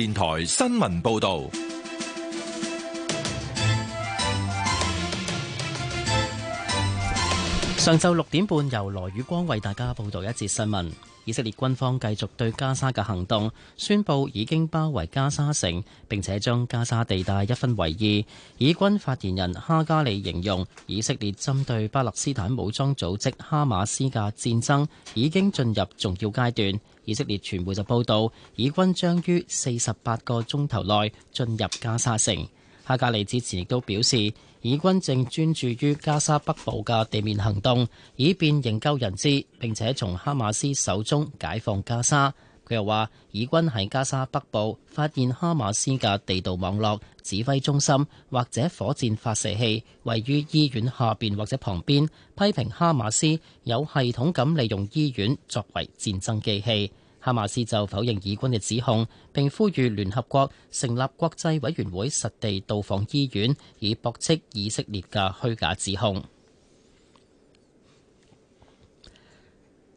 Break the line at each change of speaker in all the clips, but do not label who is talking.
電台新聞報道。
上晝六點半，由羅宇光為大家報道一節新聞。以色列軍方繼續對加沙嘅行動，宣布已經包圍加沙城，並且將加沙地帶一分為二。以軍發言人哈加利形容，以色列針對巴勒斯坦武裝組織哈馬斯嘅戰爭已經進入重要階段。以色列傳媒就報道，以軍將於四十八個鐘頭內進入加沙城。哈加利之前亦都表示，以軍正專注於加沙北部嘅地面行動，以便營救人質並且從哈馬斯手中解放加沙。佢又話，以軍喺加沙北部發現哈馬斯嘅地道網絡、指揮中心或者火箭發射器，位於醫院下邊或者旁邊，批評哈馬斯有系統咁利用醫院作為戰爭機器。哈馬斯就否認以軍嘅指控，並呼籲聯合國成立國際委員會，實地到訪醫院，以駁斥以色列嘅虛假指控。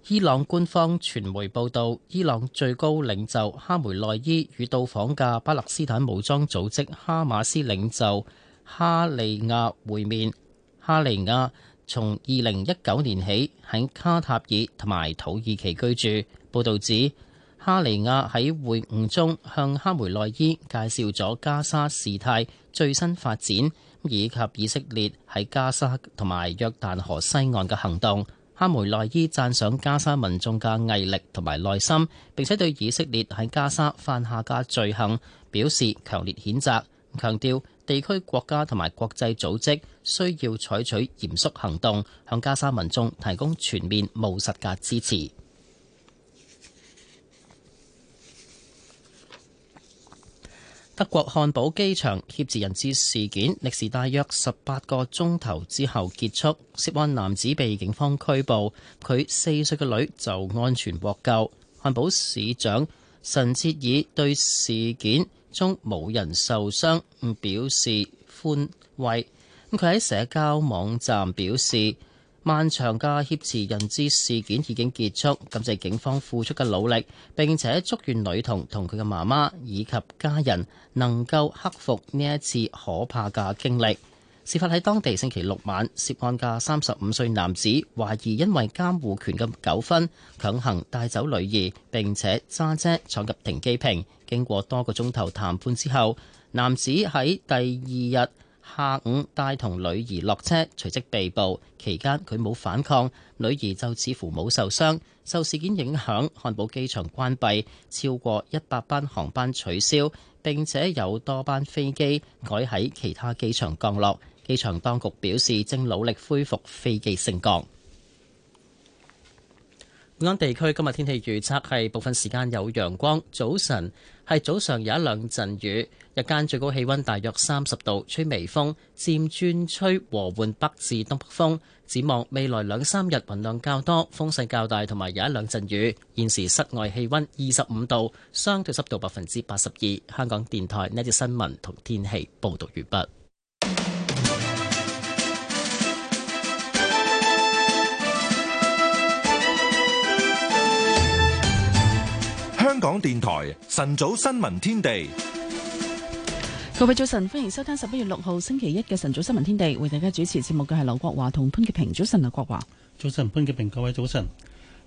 伊朗官方傳媒報道，伊朗最高領袖哈梅內伊與到訪嘅巴勒斯坦武裝組織哈馬斯領袖哈利亞會面。哈利亞從二零一九年起喺卡塔爾同埋土耳其居住。報導指，哈尼亞喺會晤中向哈梅內伊介紹咗加沙事態最新發展，以及以色列喺加沙同埋約旦河西岸嘅行動。哈梅內伊讚賞加沙民眾嘅毅力同埋耐心，並且對以色列喺加沙犯下嘅罪行表示強烈譴責，強調地區國家同埋國際組織需要採取嚴肅行動，向加沙民眾提供全面務實嘅支持。德國漢堡機場挾持人質事件歷時大約十八個鐘頭之後結束，涉案男子被警方拘捕，佢四歲嘅女就安全獲救。漢堡市長神切爾對事件中冇人受傷表示寬慰，佢喺社交網站表示，漫長嘅挾持人質事件已經結束，感謝警方付出嘅努力，並且祝願女童同佢嘅媽媽以及家人能夠克服呢一次可怕嘅經歷。事發喺當地星期六晚，涉案嘅三十五歲男子懷疑因為監護權嘅糾紛，強行帶走女兒，並且揸車闖入停機坪。經過多個鐘頭談判之後，男子喺第二日，下午帶同女兒落車，隨即被捕。期間佢冇反抗，女兒就似乎冇受傷。受事件影響，漢堡機場關閉，超過一百班航班取消，並且有多班飛機改喺其他機場降落。機場當局表示正努力恢復飛機升降。本港地區今日天氣預測係部分時間有陽光，早晨。係早上有一兩陣雨，日間最高氣温大約三十度，吹微風，漸轉吹和緩北至東北風。展望未來兩三日雲量較多，風勢較大，同埋有一兩陣雨。現時室外氣温二十五度，相對濕度百分之八十二。香港電台呢節新聞同天氣報道完畢。
香港電台晨早新聞天地，
各位早晨，歡迎收聽十一月六號星期一嘅晨早新聞天地，為大家主持節目嘅係劉
國華同潘潔平，早晨劉國華，早晨潘潔平，各位早晨。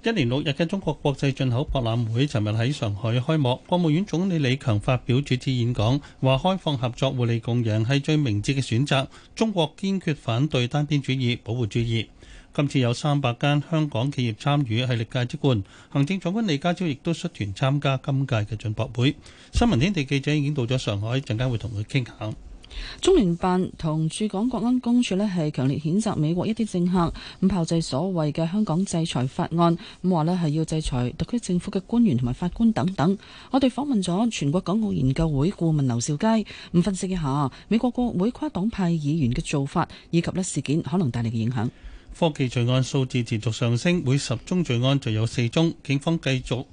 一年六日嘅中國國際進口博覽會，尋日喺上海開幕，國務院總理李強發表主旨演講，話開放合作、互利共贏係最明智嘅選擇，中國堅決反對單邊主義、保護主義。今次有三百間香港企業參與，係歷屆之冠。行政長官李家超亦都率團參加今屆嘅進博會。新聞天地記者已經到咗上海，陣間會同佢傾下。
中聯辦同駐港國安公署咧，係強烈譴責美國一啲政客咁炮製所謂嘅香港制裁法案，咁話咧，係要制裁特區政府嘅官員同埋法官等等。我哋訪問咗全國港澳研究會顧問劉兆佳，咁分析一下美國國會跨黨派議員嘅做法，以及咧事件可能
帶嚟嘅影響。科技罪案數字持續上升，每十宗罪案就有四宗。警方繼續，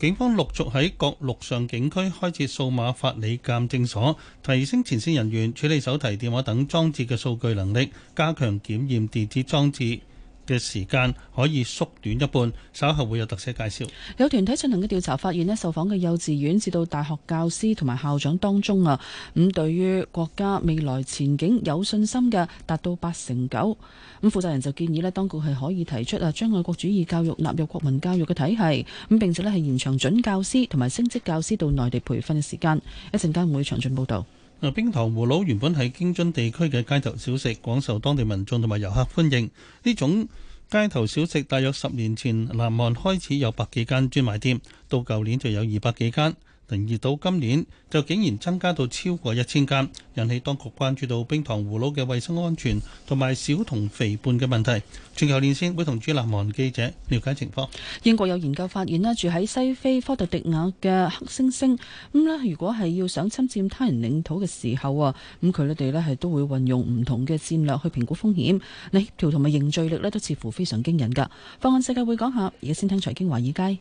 警方陸續喺各陸上警區開設數碼法理鑑證所，提升前線人員處理手提電話等裝置嘅數據能力，加強檢驗電子裝置嘅時間可以縮短一半，稍後會有特寫介紹。
有團體進行嘅調查發現咧，受訪嘅幼稚園至到大學教師同埋校長當中啊，咁對於國家未來前景有信心嘅達到八成九。咁負責人就建議咧，當局係可以提出啊，將愛國主義教育納入國民教育嘅體系咁，並且咧係延長準教師同埋升職教師到內地培訓嘅時間。一陣間會詳盡報導。
冰糖葫蘆原本係京津地區嘅街頭小食，廣受當地民眾同埋遊客歡迎。呢種街頭小食大約十年前南韓開始有百幾間專賣店，到舊年就有二百幾間。零二到今年就竟然增加到超過一千間，引起當局關注到冰糖葫蘆嘅衛生安全同埋小童肥胖嘅問題。全球連線會同朱南文記者了解情況。英國
有研究發現咧，住喺西非科特迪瓦嘅黑猩猩，咁、嗯、咧如果係要想侵占他人領土嘅時候啊，咁佢哋咧係都會運用唔同嘅戰略去評估風險。嗱，協調同埋凝聚力咧都似乎非常驚人噶。放眼世界會講下，而家先聽財經
華爾街。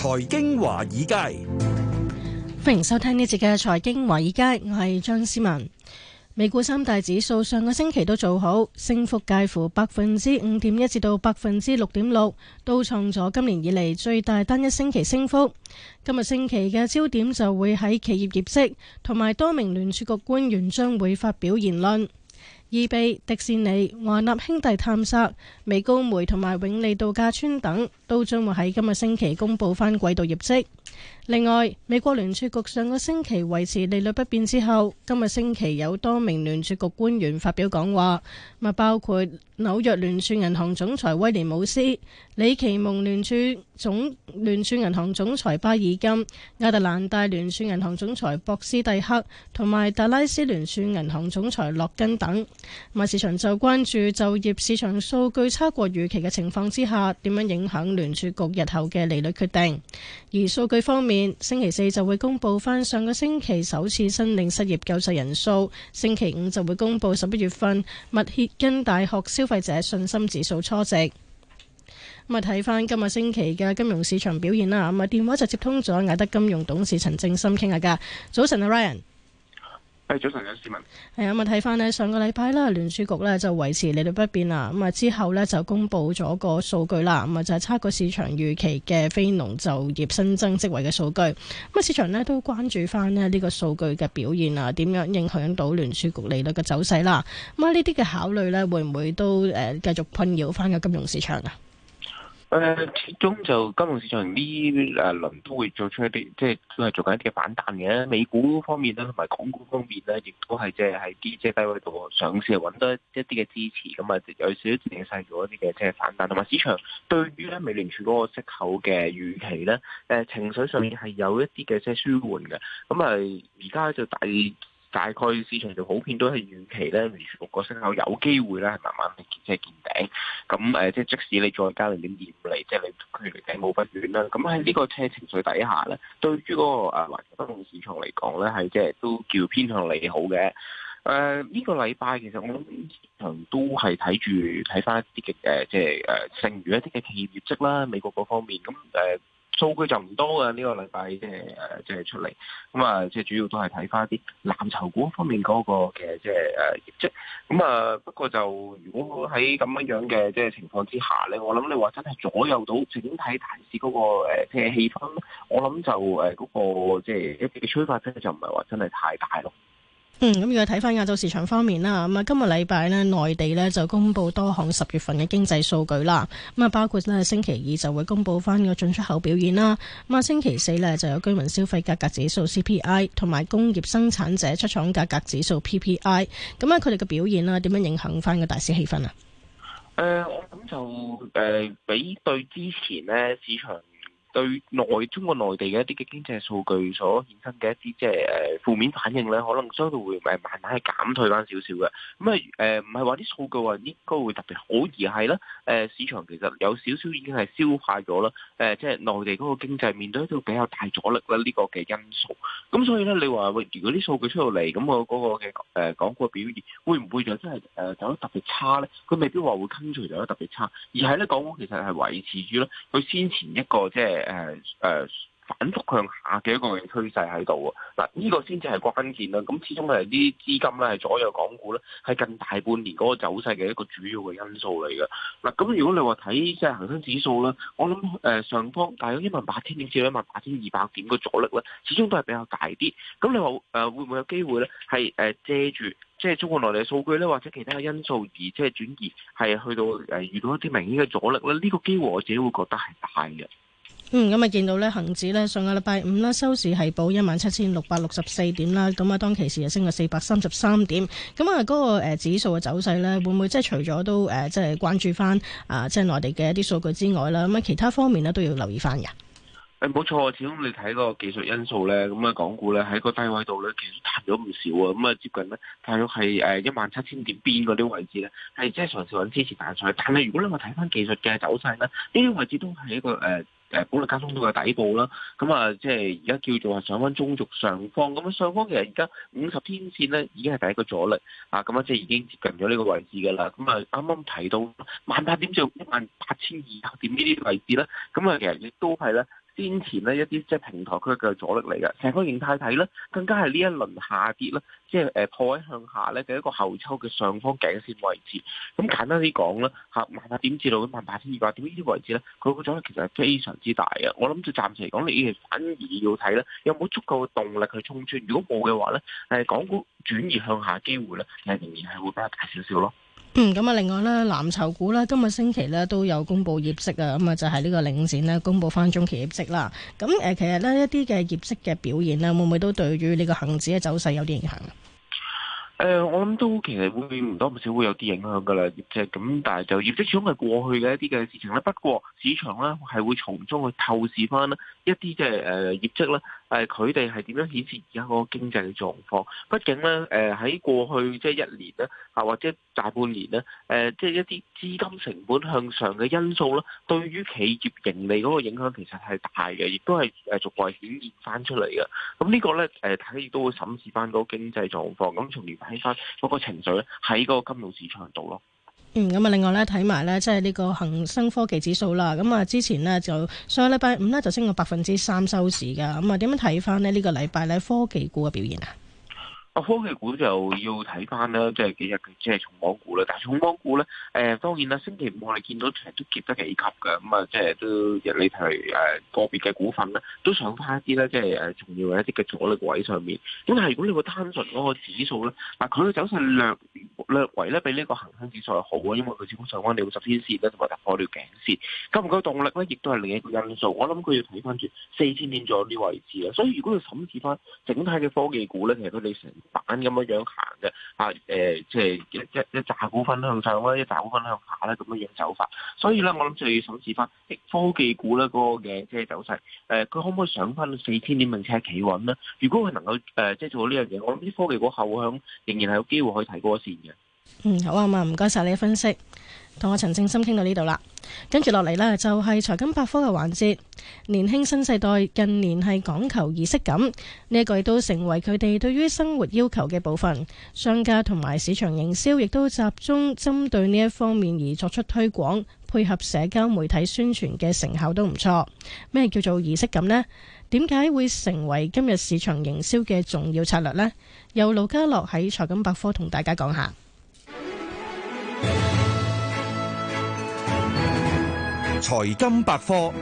財經華爾街，
歡迎收聽呢節嘅財經華爾街，我係張思文。美股三大指數上個星期都做好，升幅介乎百分之五點一至到百分之六點六，都創咗今年以嚟最大單一星期升幅。今日星期嘅焦點就會喺企業業績，同埋多名聯儲局官員將會發表言論。易貝、迪士尼、華納兄弟、探索、美高梅同埋永利度假村等。都將會喺今日星期公布翻季度業績。另外，美國聯儲局上個星期維持利率不變之後，今日星期有多名聯儲局官員發表講話，啊包括紐約聯儲銀行總裁威廉姆斯、里奇蒙聯儲總聯儲銀行總裁巴爾金、亞特蘭大聯儲銀行總裁博斯蒂克同埋達拉斯聯儲銀行總裁洛根等。咁市場就關注就業市場數據差過預期嘅情況之下點樣影響。聯儲局日後嘅利率決定，而數據方面，星期四就會公布翻上，上個星期首次申領失業救濟人數，星期五就會公布十一月份密歇根大學消費者信心指數初值。咁啊，睇翻今日星期嘅金融市場表現啦。咁啊，電話就接通咗艾德金融董事陳正心傾下㗎。早晨啊，Ryan。係早上有市民，係啊，咁啊睇翻咧，上個禮拜咧，聯儲局咧就維持利率不變啦。咁啊之後咧就公布咗個數據啦，咁啊就係差過市場預期嘅非農就業新增職位嘅數據。咁啊市場咧都關注翻咧呢個數據嘅表現啊，點樣影響到聯儲局利率嘅走勢啦？咁啊呢啲嘅考慮咧，會唔會都誒繼續困擾翻個金融市場啊？
誒、呃，始終就金融市場呢誒輪都會做出一啲，即係都係做緊一啲嘅反彈嘅。美股方面咧，同埋港股方面咧，亦都係即係喺啲即低位度嘗試揾多一啲嘅支持，咁啊有少少頂晒咗一啲嘅即係反彈。同埋市場對於咧美聯儲嗰個息口嘅預期咧，誒、呃、情緒上面係有一啲嘅即係舒緩嘅。咁啊，而家就大。大概市場就普遍都係遠期咧，六個星期，有機會咧係慢慢見車見頂。咁誒，即、呃、係即使你再加零點二五厘，即係距離頂冇不遠啦。咁喺呢個車情緒底下咧，對於嗰、那個誒環球不同市場嚟講咧，係即係都叫偏向利好嘅。誒、呃，呢、這個禮拜其實我諗市場都係睇住睇翻啲嘅誒，即係誒剩餘一啲嘅企業業績啦，美國嗰方面咁誒。嗯呃數據就唔多啊呢、這個禮拜，即係誒即係出嚟，咁、呃、啊，即、呃、係主要都係睇翻啲藍籌股方面嗰個嘅即係誒，業績，即係咁啊。不過就如果喺咁樣樣嘅即係情況之下咧，我諗你話真係左右到整體大市嗰、那個誒嘅、呃、氣氛，我諗就誒嗰、呃那個即係一啲嘅催化劑就唔係話真係太大咯。
嗯，咁如果睇翻亞洲市場方面啦。咁啊，今日禮拜咧，內地呢就公布多項十月份嘅經濟數據啦。咁啊，包括咧星期二就會公布翻個進出口表現啦。咁啊，星期四呢就有居民消費價格指數 CPI 同埋工業生產者出廠價格指數 PPI。咁咧，佢哋嘅表現啦，點樣影響翻個大市氣氛啊？
誒，
我諗就誒，比對之前呢市場。對內中國內地嘅一啲嘅經濟數據所衍生嘅一啲即係誒負面反應咧，可能收到會咪慢慢係減退翻少少嘅。咁啊誒，唔係話啲數據話應該會特別好，而係咧誒，市場其實有少少已經係消化咗啦。誒、呃、即係內地嗰個經濟面對一啲比較大阻力咧，呢個嘅因素。咁、嗯、所以咧，你話喂、呃、如果啲數據出到嚟，咁我嗰個嘅誒、呃、港股嘅表現會唔會就真係誒走得特別差咧？佢未必話會跟隨走得特別差，而係咧，港股其實係維持住咧，佢先前一個即係。呃呃嗯嗯嗯嗯誒誒、呃、反覆向下嘅一個趨勢喺度喎。嗱、這個，呢個先至係關鍵啦。咁始終係啲資金咧係左右港股咧，喺近大半年嗰個走勢嘅一個主要嘅因素嚟嘅。嗱、呃，咁如果你話睇即係恆生指數咧，我諗誒、呃、上方大約一萬八千點至一萬八千二百點嘅阻力咧，始終都係比較大啲。咁你話誒、呃、會唔會有機會咧？係誒借住即係中國內地嘅數據咧，或者其他嘅因素而即係轉移係去到誒、呃、遇到一啲明顯嘅阻力咧？呢、這個機會我自己會覺得係大嘅。
嗯，咁啊，見到咧恆指咧上個禮拜五啦，收市係報一萬七千六百六十四點啦，咁啊當期市啊升咗四百三十三點。咁啊，嗰、那個誒、呃、指數嘅走勢咧，會唔會即係除咗都誒，即、呃、係、就是、關注翻啊，即係內地嘅一啲數據之外啦，咁啊其他方面咧都要留意翻嘅。
誒冇錯，始終你睇個技術因素咧，咁啊港股咧喺個低位度咧，其實彈咗唔少啊，咁、嗯、啊接近咧大約係誒一萬七千點邊嗰啲位置咧，係即係嘗試揾支持大塞。但係如果咧我睇翻技術嘅走勢咧，呢啲位置都係一個誒。呃呃呃呃誒，保利交通都嘅底部啦，咁啊，即係而家叫做係上翻中軸上方，咁啊上方其實而家五十天線咧已經係第一個阻力，啊，咁啊即係已經接近咗呢個位置㗎啦，咁啊啱啱提到萬八點就一萬八千二百點呢啲位置咧，咁啊其實亦都係咧。先前呢一啲即係平台區嘅阻力嚟嘅，成個形態睇咧更加係呢一輪下跌咧，即係誒破位向下咧嘅一個後抽嘅上方頸線位置。咁簡單啲講啦，嚇萬八點至到萬八千二百點呢啲位置咧，佢個阻力其實係非常之大嘅。我諗就暫時嚟講，你反而要睇咧有冇足夠嘅動力去衝穿，如果冇嘅話咧，誒港股轉移向下機會咧，其實仍然係會比較大少少咯。
嗯，咁啊，另外咧，藍籌股咧，今個星期咧都有公布業績啊，咁、嗯、啊就係、是、呢個領展咧公布翻中期業績啦。咁、嗯、誒、呃，其實呢，一啲嘅業績嘅表現咧，會唔會都對於呢個恒指嘅走勢有啲影響
誒、呃，我諗都其實會唔多唔少會有啲影響噶啦，即係咁，但係就業績始終係過去嘅一啲嘅事情啦。不過市場咧係會從中去透視翻咧。一啲即係誒業績咧，誒佢哋係點樣顯示而家嗰個經濟嘅狀況？畢竟咧，誒喺過去即係一年咧，啊或者大半年咧，誒即係一啲資金成本向上嘅因素咧，對於企業盈利嗰個影響其實係大嘅，亦都係誒逐季顯現翻出嚟嘅。咁呢個咧，誒大家亦都會審視翻嗰個經濟狀況，咁從而睇翻嗰個情緒咧喺嗰個金融市場度咯。
嗯，咁啊，另外咧睇埋咧，即係呢個恒生科技指數啦。咁、嗯、啊，之前咧就上個禮拜五咧就升、嗯嗯呢咗百分之三收市噶。咁啊，點樣睇翻咧呢個禮拜咧科技股嘅表現啊？
科技股就要睇翻啦，即係幾日即係重磅股啦。但係重磅股咧，誒、呃，當然啦，星期五我哋見到其實都結得幾急嘅，咁、嗯、啊，即係都亦你睇誒個別嘅股份咧，都上翻一啲咧，即係誒、呃、重要嘅一啲嘅阻力位上面。咁但係如果你個單純嗰個指數咧，嗱佢嘅走勢略略為咧比呢個恒生指數係好啊，因為佢始終上翻到十天線咧同埋突破了頸線，夠唔夠動力咧亦都係另一個因素。我諗佢要睇翻住四千點左右嘅位置啊。所以如果要審視翻整體嘅科技股咧，其實都你成板咁嘅樣行嘅嚇，誒即係一一一扎股份向上咧，一扎股份向下咧，咁嘅樣走法。所以咧，我諗就要審視翻科技股咧嗰個嘅即係走勢，誒佢可唔可以上翻四千點並且企穩咧？如果佢能夠誒即係做到呢樣嘢，我諗啲科技股後向仍然係有機會可以睇高一線嘅。嗯，
好啊嘛，唔該晒你分析。同我陳正心傾到呢度啦，跟住落嚟呢就係、是、財金百科嘅環節。年輕新世代近年係講求儀式感，呢、這、一個亦都成為佢哋對於生活要求嘅部分。商家同埋市場營銷亦都集中針對呢一方面而作出推廣，配合社交媒體宣傳嘅成效都唔錯。咩叫做儀式感呢？點解會成為今日市場營銷嘅重要策略呢？由盧家樂喺財金百科同大家講下。
財金百科，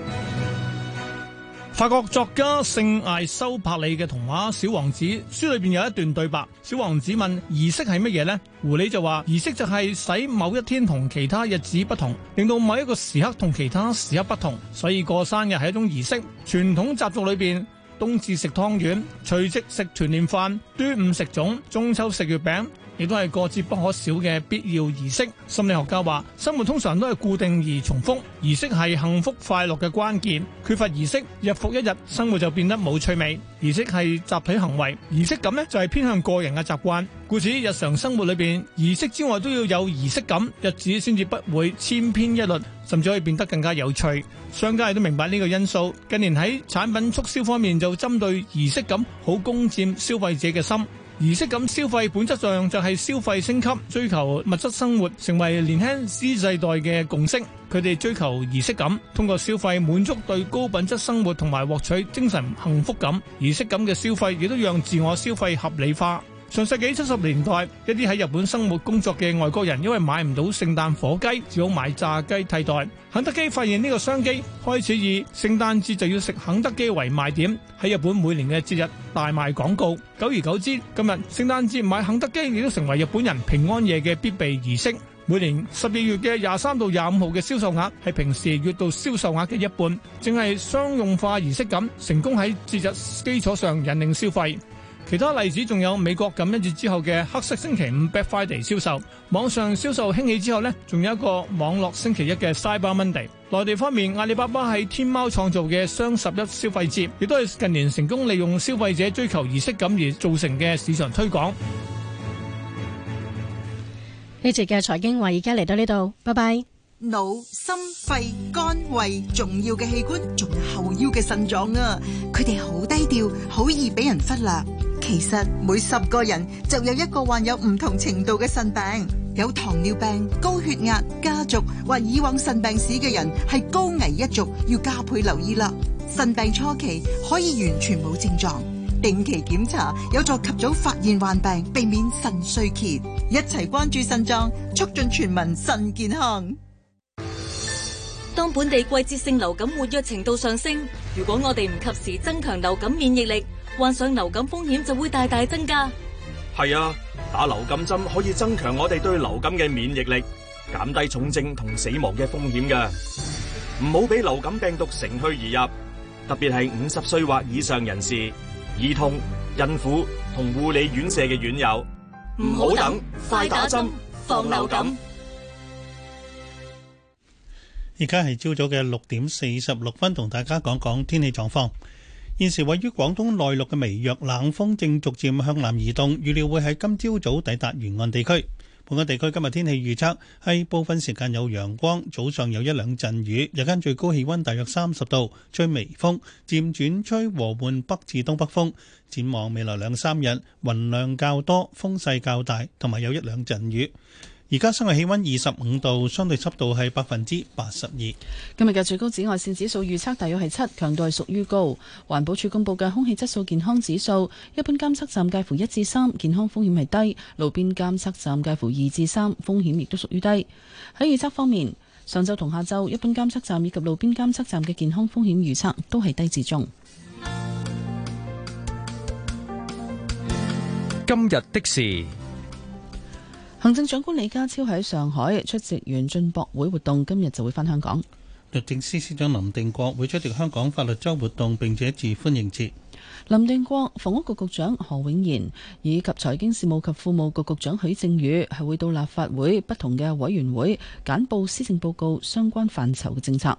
法國
作家聖艾修柏利嘅童話《小王子》，書裏邊有一段對白：小王子問，儀式係乜嘢呢？狐狸就話，儀式就係使某一天同其他日子不同，令到某一個時刻同其他時刻不同，所以過生日係一種儀式。傳統習俗裏邊，冬至食湯圓，除夕食團年飯，端午食糉，中秋食月餅。亦都係個節不可少嘅必要儀式。心理學家話：生活通常都係固定而重複，儀式係幸福快樂嘅關鍵。缺乏儀式，日復一日，生活就變得冇趣味。儀式係集體行為，儀式感呢就係偏向個人嘅習慣。故此，日常生活裏邊，儀式之外都要有儀式感，日子先至不會千篇一律，甚至可以變得更加有趣。商家亦都明白呢個因素，近年喺產品促銷方面就針對儀式感好攻佔消費者嘅心。儀式感消費本質上就係消費升級，追求物質生活，成為年輕 Z 世代嘅共識。佢哋追求儀式感，通過消費滿足對高品質生活同埋獲取精神幸福感。儀式感嘅消費亦都讓自我消費合理化。上世紀七十年代，一啲喺日本生活工作嘅外國人，因為買唔到聖誕火雞，只好買炸雞替代。肯德基發現呢個商機，開始以聖誕節就要食肯德基為賣點，喺日本每年嘅節日大賣廣告。久而久之，今日聖誕節買肯德基亦都成為日本人平安夜嘅必備儀式。每年十二月嘅廿三到廿五號嘅銷售額係平時月度銷售額嘅一半，淨係商用化儀式咁成功喺節日基礎上引領消費。其他例子仲有美國感恩節之後嘅黑色星期五 （Black Friday） 銷售，網上銷售興起之後呢，仲有一個網絡星期一嘅 Cyber Monday。內地方面，阿里巴巴喺天貓創造嘅雙十一消費節，亦都係近年成功利用消費者追求儀式感而造成嘅市場推廣。
呢節嘅財經話，而家嚟到呢度，拜拜。
腦、心、肺、肝、胃，重要嘅器官，仲有後腰嘅腎臟啊！佢哋好低調，好易俾人忽略。其實每十個人就有一個患有唔同程度嘅腎病，有糖尿病、高血壓、家族或以往腎病史嘅人係高危一族，要加倍留意啦。腎病初期可以完全冇症狀，定期檢查有助及早發現患病，避免腎衰竭。一齊關注腎臟，促進全民腎健康。當本地季節性流感活躍程度上升，如果我哋唔及
時增強流感免疫力，患上流感風險就會大大增加。
係啊，打流感針可以增強我哋對流感嘅免疫力，減低重症同死亡嘅風險㗎。唔好俾流感病毒乘虛而入，特別係五十歲或以上人士、兒童、孕婦同護理院舍嘅院友。
唔好等，快打針，防流感。
而家係朝早嘅六點四十六分，同大家講講天氣狀況。現時位於廣東內陸嘅微弱冷鋒正逐漸向南移動，預料會喺今朝早，早抵達沿岸地區。本港地區今日天氣預測係部分時間有陽光，早上有一兩陣雨，日間最高氣溫大約三十度，吹微風，漸轉吹和緩北至東北風。展望未來兩三日，雲量較多，風勢較大，同埋有一兩陣雨。而家室外氣溫二十五度，相對濕度係百分之八十二。
今日嘅最高紫外線指數預測大約係七，強度係屬於高。環保署公布嘅空氣質素健康指數，一般監測站介乎一至三，健康風險係低；路邊監測站介乎二至三，風險亦都屬於低。喺預測方面，上晝同下晝一般監測站以及路邊監測站嘅健康風險預測都係低至中。
今日
的事。
行政長官李家超喺上海出席完進博會活動，今日就會返香港。
律政司司長林定國會出席香港法律周活動，並且致歡迎辭。
林定國、房屋局局長何永賢以及財經事務及庫務局局長許正宇係會到立法會不同嘅委員會簡報施政報告相關範疇嘅政策。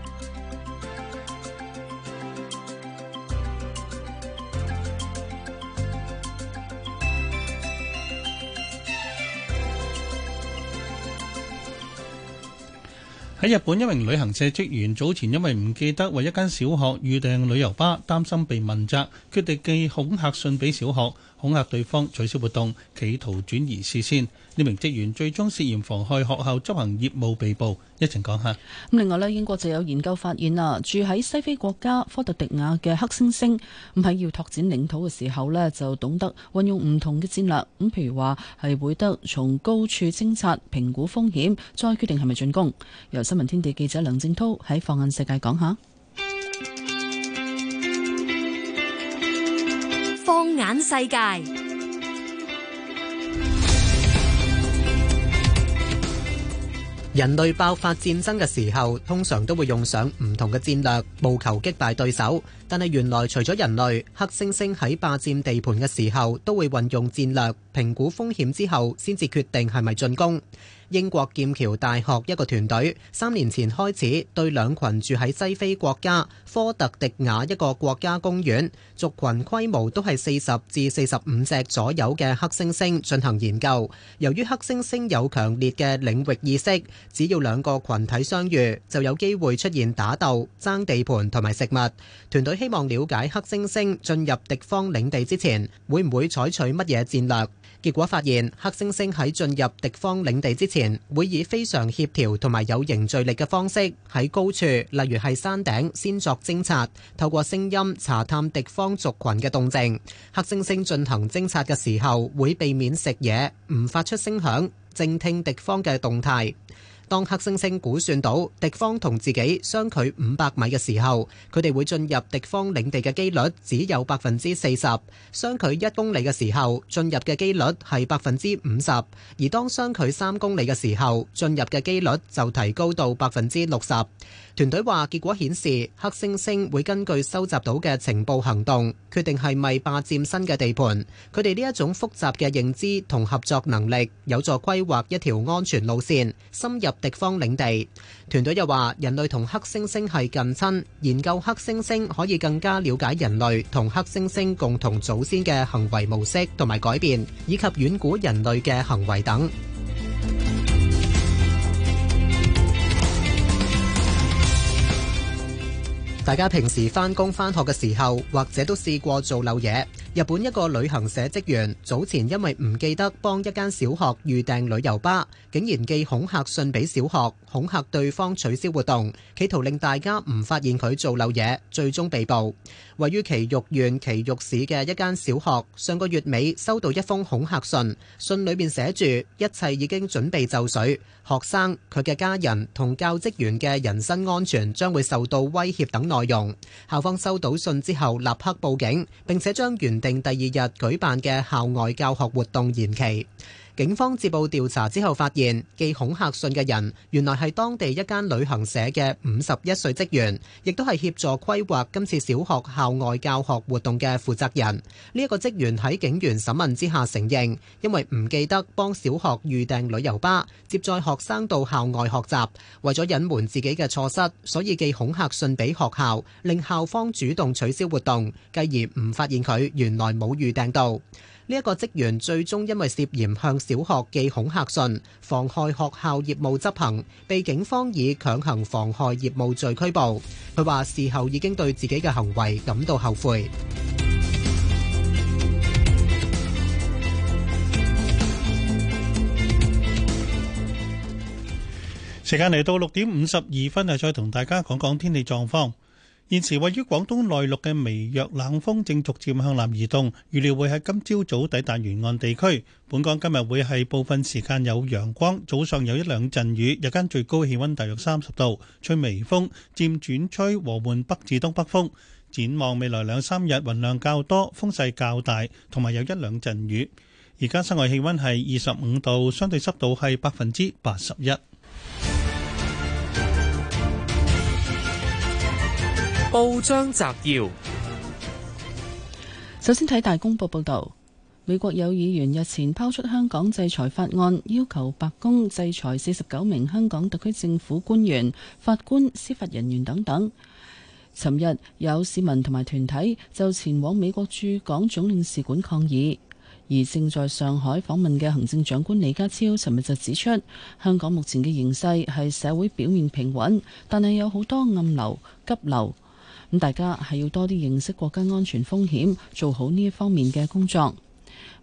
喺日本，一名旅行社職員早前因為唔記得為一間小學預訂旅遊巴，擔心被問責，決定寄恐嚇信俾小學，恐嚇對方取消活動，企圖轉移視線。呢名職員最終涉嫌妨害學校執行業務被捕，一陣講下。咁
另外咧，英國就有研究發現啦，住喺西非國家科特迪瓦嘅黑猩猩，唔係要拓展領土嘅時候咧，就懂得運用唔同嘅戰略。咁譬如話係會得從高處偵察、評估風險，再決定係咪進攻。由新聞天地記者梁正濤喺放眼世界講下。
放眼世界。
人類爆發戰爭嘅時候，通常都會用上唔同嘅戰略，務求擊敗對手。但係原來除咗人類，黑猩猩喺霸佔地盤嘅時候，都會運用戰略，評估風險之後，先至決定係咪進攻。英國劍橋大學一個團隊三年前開始對兩群住喺西非國家科特迪瓦一個國家公園，族群規模都係四十至四十五隻左右嘅黑猩猩進行研究。由於黑猩猩有強烈嘅領域意識，只要兩個群體相遇，就有機會出現打鬥、爭地盤同埋食物。團隊希望了解黑猩猩進入敵方領地之前會唔會採取乜嘢戰略，結果發現黑猩猩喺進入敵方領地之前會以非常協調同埋有凝聚力嘅方式喺高處，例如係山頂先作偵察，透過聲音查探敵方族群嘅動靜，黑猩猩進行偵察嘅時候會避免食嘢，唔發出聲響，靜聽敵方嘅動態。當黑猩猩估算到敵方同自己相距五百米嘅時候，佢哋會進入敵方領地嘅機率只有百分之四十；相距一公里嘅時候，進入嘅機率係百分之五十；而當相距三公里嘅時候，進入嘅機率就提高到百分之六十。團隊話，結果顯示黑猩猩會根據收集到嘅情報行動，決定係咪霸佔新嘅地盤。佢哋呢一種複雜嘅認知同合作能力，有助規劃一條安全路線，深入敵方領地。團隊又話：人類同黑猩猩係近親，研究黑猩猩可以更加了解人類同黑猩猩共同祖先嘅行為模式同埋改變，以及遠古人類嘅行為等。大家平時返工返學嘅時候，或者都試過做漏嘢。日本一個旅行社職員早前因為唔記得幫一間小學預訂旅遊巴，竟然寄恐嚇信俾小學，恐嚇對方取消活動，企圖令大家唔發現佢做漏嘢，最終被捕。位於埼玉縣埼玉市嘅一間小學，上個月尾收到一封恐嚇信，信裏面寫住，一切已經準備就緒，學生佢嘅家人同教職員嘅人身安全將會受到威脅等。內容，校方收到信之後立刻報警，並且將原定第二日舉辦嘅校外教學活動延期。警方接報調查之後，發現寄恐嚇信嘅人原來係當地一間旅行社嘅五十一歲職員，亦都係協助規劃今次小學校外教學活動嘅負責人。呢一個職員喺警員審問之下承認，因為唔記得幫小學預訂旅遊巴接載學生到校外學習，為咗隱瞞自己嘅錯失，所以寄恐嚇信俾學校，令校方主動取消活動，繼而唔發現佢原來冇預訂到。呢一個職員最終因為涉嫌向小學寄恐嚇信、妨害學校業務執行，被警方以強行妨害業務罪拘捕。佢話事後已經對自己嘅行為感到後悔。
時間嚟到六點五十二分，啊，再同大家講講天氣狀況。現時位於廣東內陸嘅微弱冷風正逐漸向南移動，預料會喺今朝早抵達沿岸地區。本港今日會係部分時間有陽光，早上有一兩陣雨，日間最高氣温大約三十度，吹微風，漸轉吹和緩北至東北風。展望未來兩三日雲量較多，風勢較大，同埋有一兩陣雨。而家室外氣温係二十五度，相對濕度係百分之八十一。
報章摘要：
首
先睇大公報報道，美國有議員日前拋出香港制裁法案，要求白宮制裁四十九名香港特區政府官員、法官、司法人員等等。尋日有市民同埋團體就前往美國駐港總領事館抗議，而正在上海訪問嘅行政長官李家超，尋日就指出，香港目前嘅形勢係社會表面平穩，但係有好多暗流、急流。咁大家係要多啲認識國家安全風險，做好呢一方面嘅工作。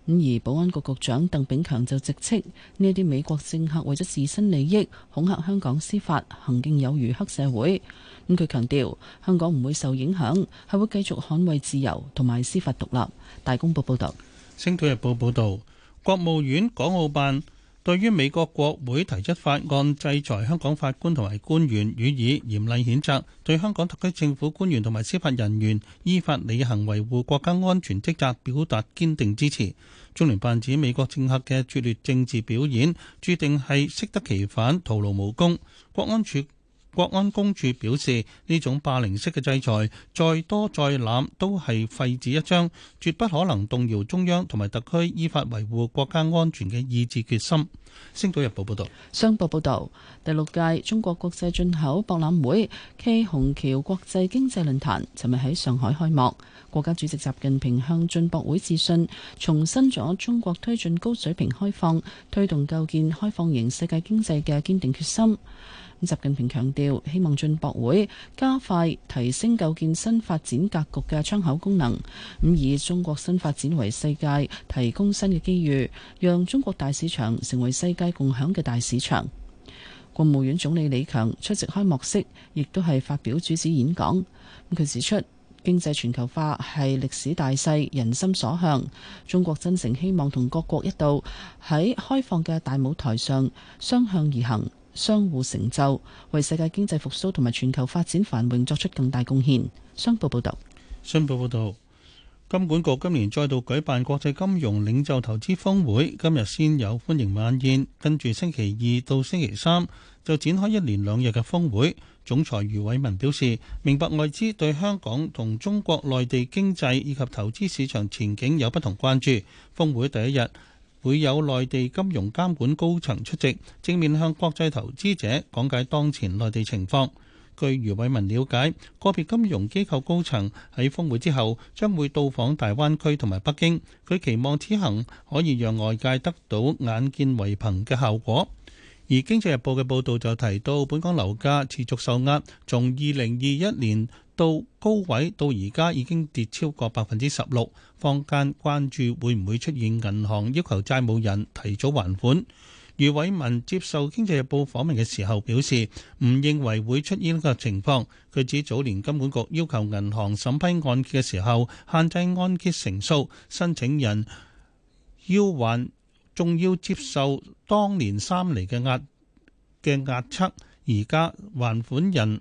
咁而保安局局長鄧炳強就直斥呢一啲美國政客為咗自身利益恐嚇香港司法，行徑有如黑社會。咁佢強調香港唔會受影響，係會繼續捍衞自由同埋司法獨立。大公報報道，
《星島日報》報道，國務院港澳辦。對於美國國會提出法案制裁香港法官同埋官員，予以嚴厲譴責；對香港特區政府官員同埋司法人員依法履行維護國家安全職責，表達堅定支持。中聯辦指美國政客嘅拙劣政治表演，註定係適得其反、徒勞無功。國安處國安公署表示，呢種霸凌式嘅制裁再多再濫都係廢紙一張，絕不可能動搖中央同埋特區依法維護國家安全嘅意志決心。星島日報報道，
商報報道，第六屆中國國際進口博覽會暨虹橋國際經濟論壇，尋日喺上海開幕。國家主席習近平向進博會致信，重申咗中國推進高水平開放，推動構建開放型世界經濟嘅堅定決心。咁，習近平強調希望進博會加快提升構建新發展格局嘅窗口功能，咁以中國新發展為世界提供新嘅機遇，讓中國大市場成為世界共享嘅大市場。國務院總理李強出席開幕式，亦都係發表主旨演講。佢指出，經濟全球化係歷史大勢，人心所向。中國真誠希望同各國一道喺開放嘅大舞台上雙向而行，相互成就，為世界經濟復甦同埋全球發展繁榮作出更大貢獻。商報報道。
商報報道，金管局今年再度舉辦國際金融領袖投資峰會，今日先有歡迎晚宴，跟住星期二到星期三就展開一連兩日嘅峰會。總裁余偉文表示，明白外資對香港同中國內地經濟以及投資市場前景有不同關注。峰會第一日，會有內地金融監管高層出席，正面向國際投資者講解當前內地情況。據余偉文了解，個別金融機構高層喺峰會之後將會到訪大灣區同埋北京。佢期望此行可以讓外界得到眼見為憑嘅效果。而《經濟日報》嘅報導就提到，本港樓價持續受壓，從二零二一年到高位到而家已經跌超過百分之十六，坊間關注會唔會出現銀行要求債務人提早還款。余偉文接受《經濟日報》訪問嘅時候表示，唔認為會出現呢個情況，佢指早年金管局要求銀行審批按揭嘅時候，限制按揭成數，申請人要還仲要接受當年三厘嘅壓嘅壓測，而家還款人。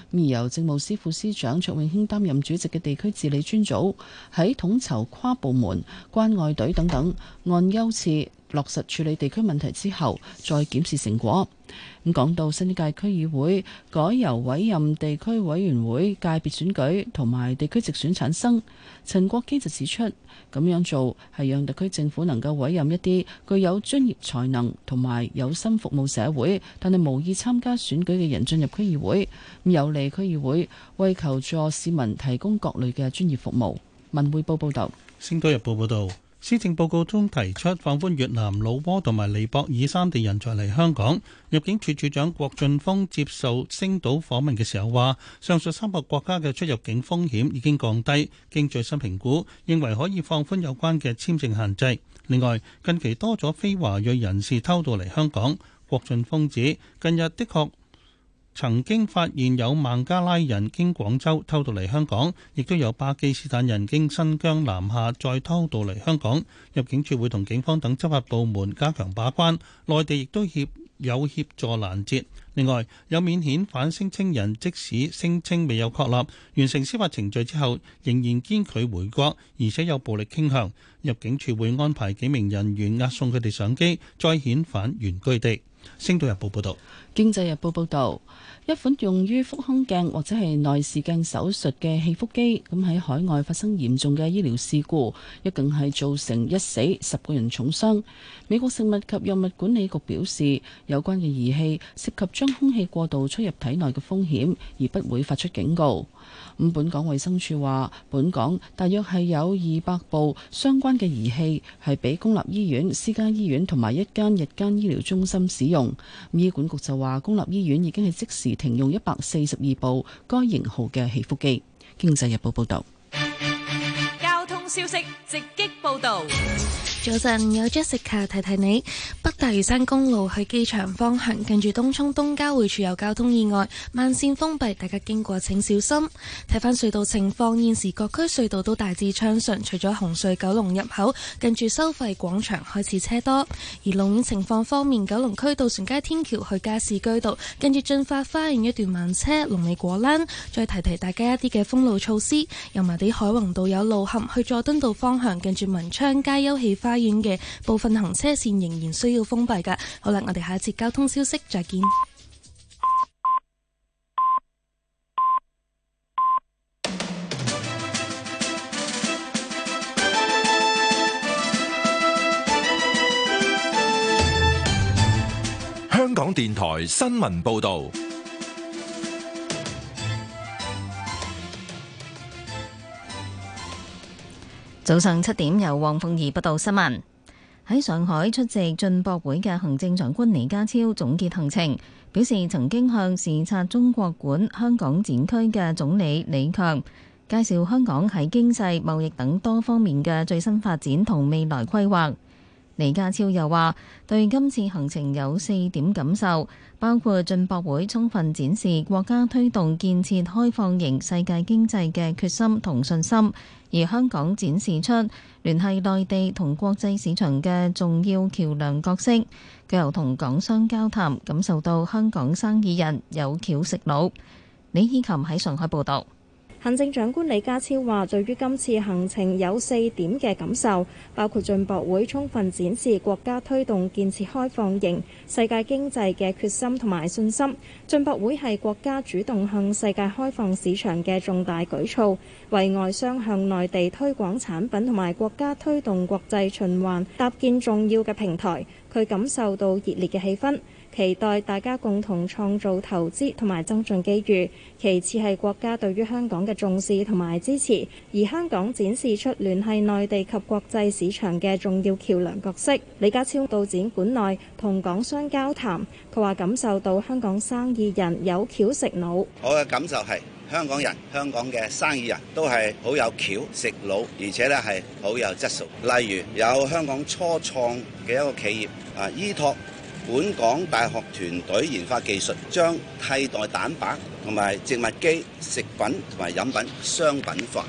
而由政務司副司長卓永興擔任主席嘅地區治理專組，喺統籌跨部門、關愛隊等等，按優次。落實處理地區問題之後，再檢視成果。咁講到新一屆區議會改由委任地區委員會界別選舉同埋地區直選產生，陳國基就指出，咁樣做係讓特區政府能夠委任一啲具有專業才能同埋有心服務社會，但係無意參加選舉嘅人進入區議會，咁有利區議會為求助市民提供各類嘅專
業服務。文匯報報道。星島日報報導。施政報告中提出放寬越南、老撾同埋尼泊爾三地人才嚟香港。入境處處長郭俊峰接受星島訪問嘅時候話，上述三個國家嘅出入境風險已經降低，經最新評估認為可以放寬有關嘅簽證限制。另外，近期多咗非華裔人士偷渡嚟香港，郭俊峰指近日的確。曾經發現有孟加拉人經廣州偷渡嚟香港，亦都有巴基斯坦人經新疆南下再偷渡嚟香港。入境處會同警方等執法部門加強把關，內地亦都有協助攔截。另外有免遣返聲請人即使聲請未有確立，完成司法程序之後仍然堅拒回國，而且有暴力傾向。入境處會安排幾名人員押送佢哋上機，再遣返原居地。星島日報報道，
經濟日報報道，一款用於腹腔鏡或者係內視鏡手術嘅氣腹機，咁喺海外發生嚴重嘅醫療事故，一共係造成一死十個人重傷。美國食物及藥物管理局表示，有關嘅儀器涉及，涉及將空氣過度出入體內嘅風險，而不會發出警告。咁本港衛生署話，本港大約係有二百部相關嘅儀器係俾公立醫院、私家醫院同埋一間日間醫療中心使用。醫管局就話，公立醫院已經係即時停用一百四十二部該型號嘅氣腹機。經濟日報報道。
交通消息直擊報道。
早晨，有 Jessica 提提你，北大嶼山公路去機場方向，近住東涌東交匯處有交通意外，慢線封閉，大家經過請小心。睇翻隧道情況，現時各區隧道都大致暢順，除咗紅隧九龍入口，近住收費廣場開始車多。而路面情況方面，九龍區渡船街天橋去加士居道，近住駿發花園一段慢車，龍尾果欄。再提提大家一啲嘅封路措施，油麻地海泓道有路陷，去佐敦道方向，近住文昌街休憩花園嘅部分行車線仍然需要封閉㗎。好啦，我哋下一次交通消息再見。
香港電台新聞報道。
早上七點，由黃鳳儀報道新聞。喺上海出席進博會嘅行政長官李家超總結行程，表示曾經向視察中國館香港展區嘅總理李強介紹香港喺經濟、貿易等多方面嘅最新發展同未來規劃。李家超又話，對今次行程有四點感受，包括進博會充分展示國家推動建設開放型世界經濟嘅決心同信心。而香港展示出聯繫內地同國際市場嘅重要橋梁角色。佢又同港商交談，感受到香港生意人有橋食腦。李希琴喺上海報道。
行政長官李家超話，對於今次行程有四點嘅感受，包括進博會充分展示國家推動建設開放型世界經濟嘅決心同埋信心。進博會係國家主動向世界開放市場嘅重大舉措，為外商向內地推廣產品同埋國家推動國際循環搭建重要嘅平台。佢感受到熱烈嘅氣氛。期待大家共同創造投資同埋增進機遇。其次係國家對於香港嘅重視同埋支持，而香港展示出聯繫內地及國際市場嘅重要橋樑角色。李家超到展館內同港商交談，佢話感受到香港生意人有橋食腦，
我嘅感受係香港人、香港嘅生意人都係好有橋食腦，而且咧係好有質素。例如有香港初創嘅一個企業啊，依託。本港大學團隊研發技術，將替代蛋白同埋植物基食品同埋飲品商品化，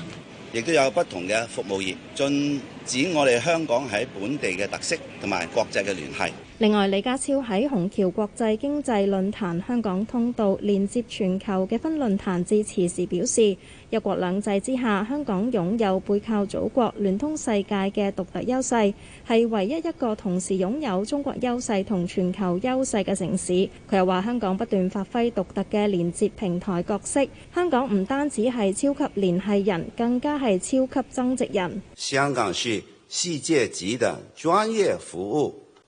亦都有不同嘅服務業，進展我哋香港喺本地嘅特色同埋國際嘅聯繫。
另外，李家超喺虹橋國際經濟論壇香港通道連接全球嘅分論壇致辭時表示：一國兩制之下，香港擁有背靠祖國聯通世界嘅獨特優勢，係唯一一個同時擁有中國優勢同全球優勢嘅城市。佢又話香港不斷發揮獨特嘅連接平台角色，香港唔單止係超級聯繫人，更加係超級增值人。
香港是世界級的專業服務。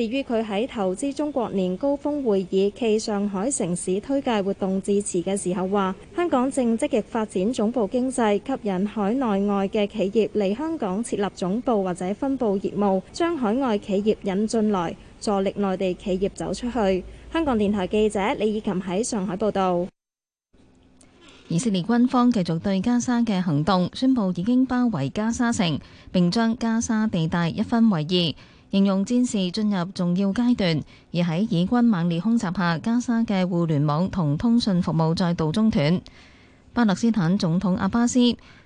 至於佢喺投資中國年高峰會議暨上海城市推介活動致辭嘅時候話：香港正積極發展總部經濟，吸引海內外嘅企業嚟香港設立總部或者分部業務，將海外企業引進來，助力內地企業走出去。香港電台記者李以琴喺上海報道。
以色列軍方繼續對加沙嘅行動，宣布已經包圍加沙城，並將加沙地帶一分為二。形容戰事進入重要階段，而喺以軍猛烈空襲下，加沙嘅互聯網同通訊服務再度中斷。巴勒斯坦總統阿巴斯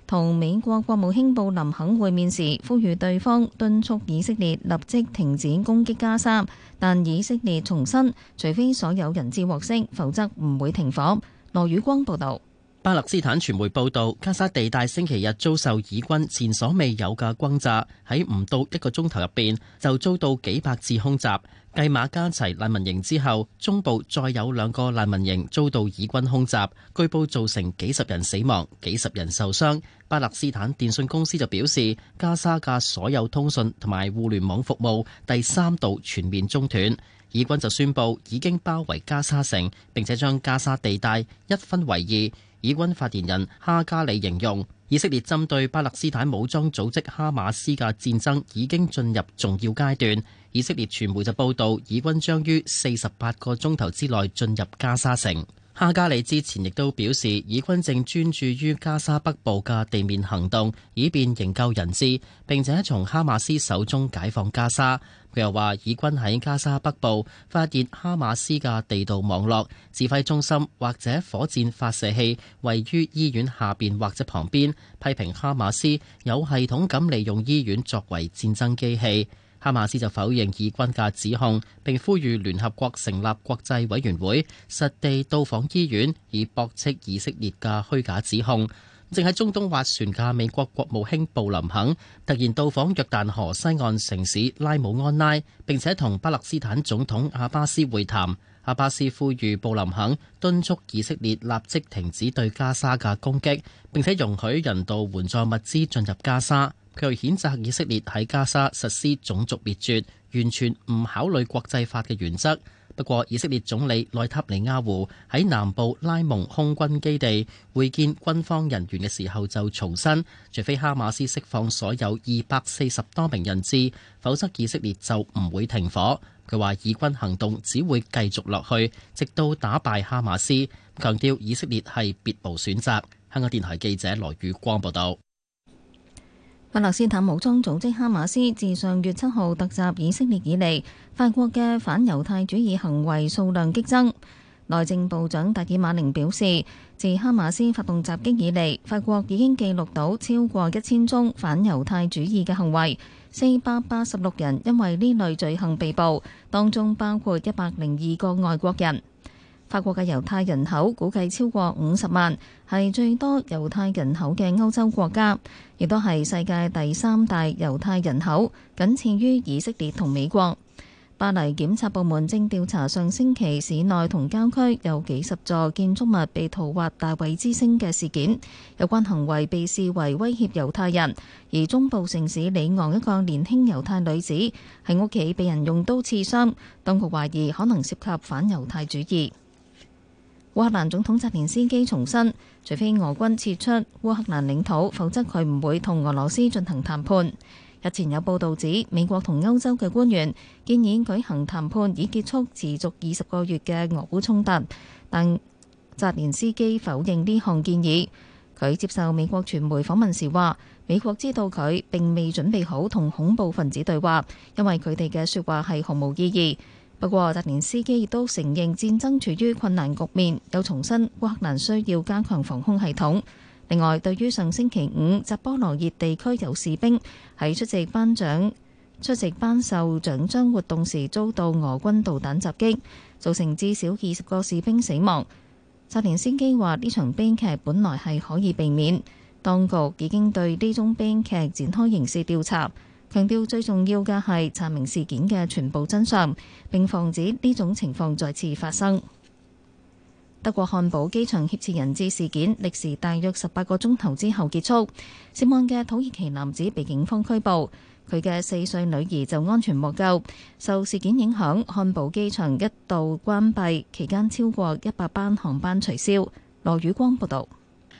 同美國國務卿布林肯會面時，呼籲對方敦促以色列立即停止攻擊加沙，但以色列重申，除非所有人質獲釋，否則唔會停火。羅宇光報導。
巴勒斯坦傳媒報道，加沙地帶星期日遭受以軍前所未有嘅轟炸，喺唔到一個鐘頭入邊就遭到幾百次空襲。繼馬加齊難民營之後，中部再有兩個難民營遭到以軍空襲，據報造成幾十人死亡、幾十人受傷。巴勒斯坦電訊公司就表示，加沙嘅所有通訊同埋互聯網服務第三度全面中斷。以軍就宣布已經包圍加沙城，並且將加沙地帶一分為二。以軍發言人哈加里形容，以色列針對巴勒斯坦武裝組織哈馬斯嘅戰爭已經進入重要階段。以色列傳媒就報道，以軍將於四十八個鐘頭之內進入加沙城。哈加里之前亦都表示，以軍正專注於加沙北部嘅地面行動，以便營救人質，並且從哈馬斯手中解放加沙。佢又話，以軍喺加沙北部發現哈馬斯嘅地道網絡、指揮中心或者火箭發射器，位於醫院下邊或者旁邊，批評哈馬斯有系統咁利用醫院作為戰爭機器。哈馬斯就否認以軍嘅指控，並呼籲聯合國成立國際委員會，實地到訪醫院，以駁斥以色列嘅虛假指控。正喺中東斡旋嘅美國國務卿布林肯突然到訪約旦河西岸城市拉姆安拉，並且同巴勒斯坦總統阿巴斯會談。阿巴斯呼籲布林肯敦促以色列立即停止對加沙嘅攻擊，並且容許人道援助物資進入加沙。佢譴責以色列喺加沙實施種族滅絕，完全唔考慮國際法嘅原則。不過，以色列總理內塔尼亞胡喺南部拉蒙空軍基地會見軍方人員嘅時候就重申，除非哈馬斯釋放所有二百四十多名人質，否則以色列就唔會停火。佢話以軍行動只會繼續落去，直到打敗哈馬斯，強調以色列係別無選擇。香港電台記者羅宇光報道。
巴勒斯坦武裝組織哈馬斯自上月七號突襲以色列以嚟，法國嘅反猶太主義行為數量激增。內政部長達爾馬寧表示，自哈馬斯發動襲擊以嚟，法國已經記錄到超過一千宗反猶太主義嘅行為，四百八十六人因為呢類罪行被捕，當中包括一百零二個外國人。法國嘅猶太人口估計超過五十萬，係最多猶太人口嘅歐洲國家，亦都係世界第三大猶太人口，僅次於以色列同美國。巴黎檢察部門正調查上星期市內同郊區有幾十座建築物被塗畫大衛之星嘅事件，有關行為被視為威脅猶太人。而中部城市里昂一個年輕猶太女子喺屋企被人用刀刺傷，當局懷疑可能涉及反猶太主義。烏克蘭總統澤連斯基重申，除非俄軍撤出烏克蘭領土，否則佢唔會同俄羅斯進行談判。日前有報道指，美國同歐洲嘅官員建議舉行談判，以結束持續二十個月嘅俄烏衝突，但澤連斯基否認呢項建議。佢接受美國傳媒訪問時話，美國知道佢並未準備好同恐怖分子對話，因為佢哋嘅說話係毫無意義。不過，澤連斯基亦都承認戰爭處於困難局面，又重申烏克蘭需要加強防空系統。另外，對於上星期五扎波羅熱地區有士兵喺出席頒獎出席頒授獎章活動時遭到俄軍導彈襲擊，造成至少二十個士兵死亡，澤連斯基話呢場悲劇本來係可以避免，當局已經對呢種悲劇展開刑事調查。強調最重要嘅係查明事件嘅全部真相，並防止呢種情況再次發生。德國漢堡機場挾持人質事件歷時大約十八個鐘頭之後結束，涉案嘅土耳其男子被警方拘捕，佢嘅四歲女兒就安全獲救。受事件影響，漢堡機場一度關閉，期間超過一百班航班取消。羅宇光報道。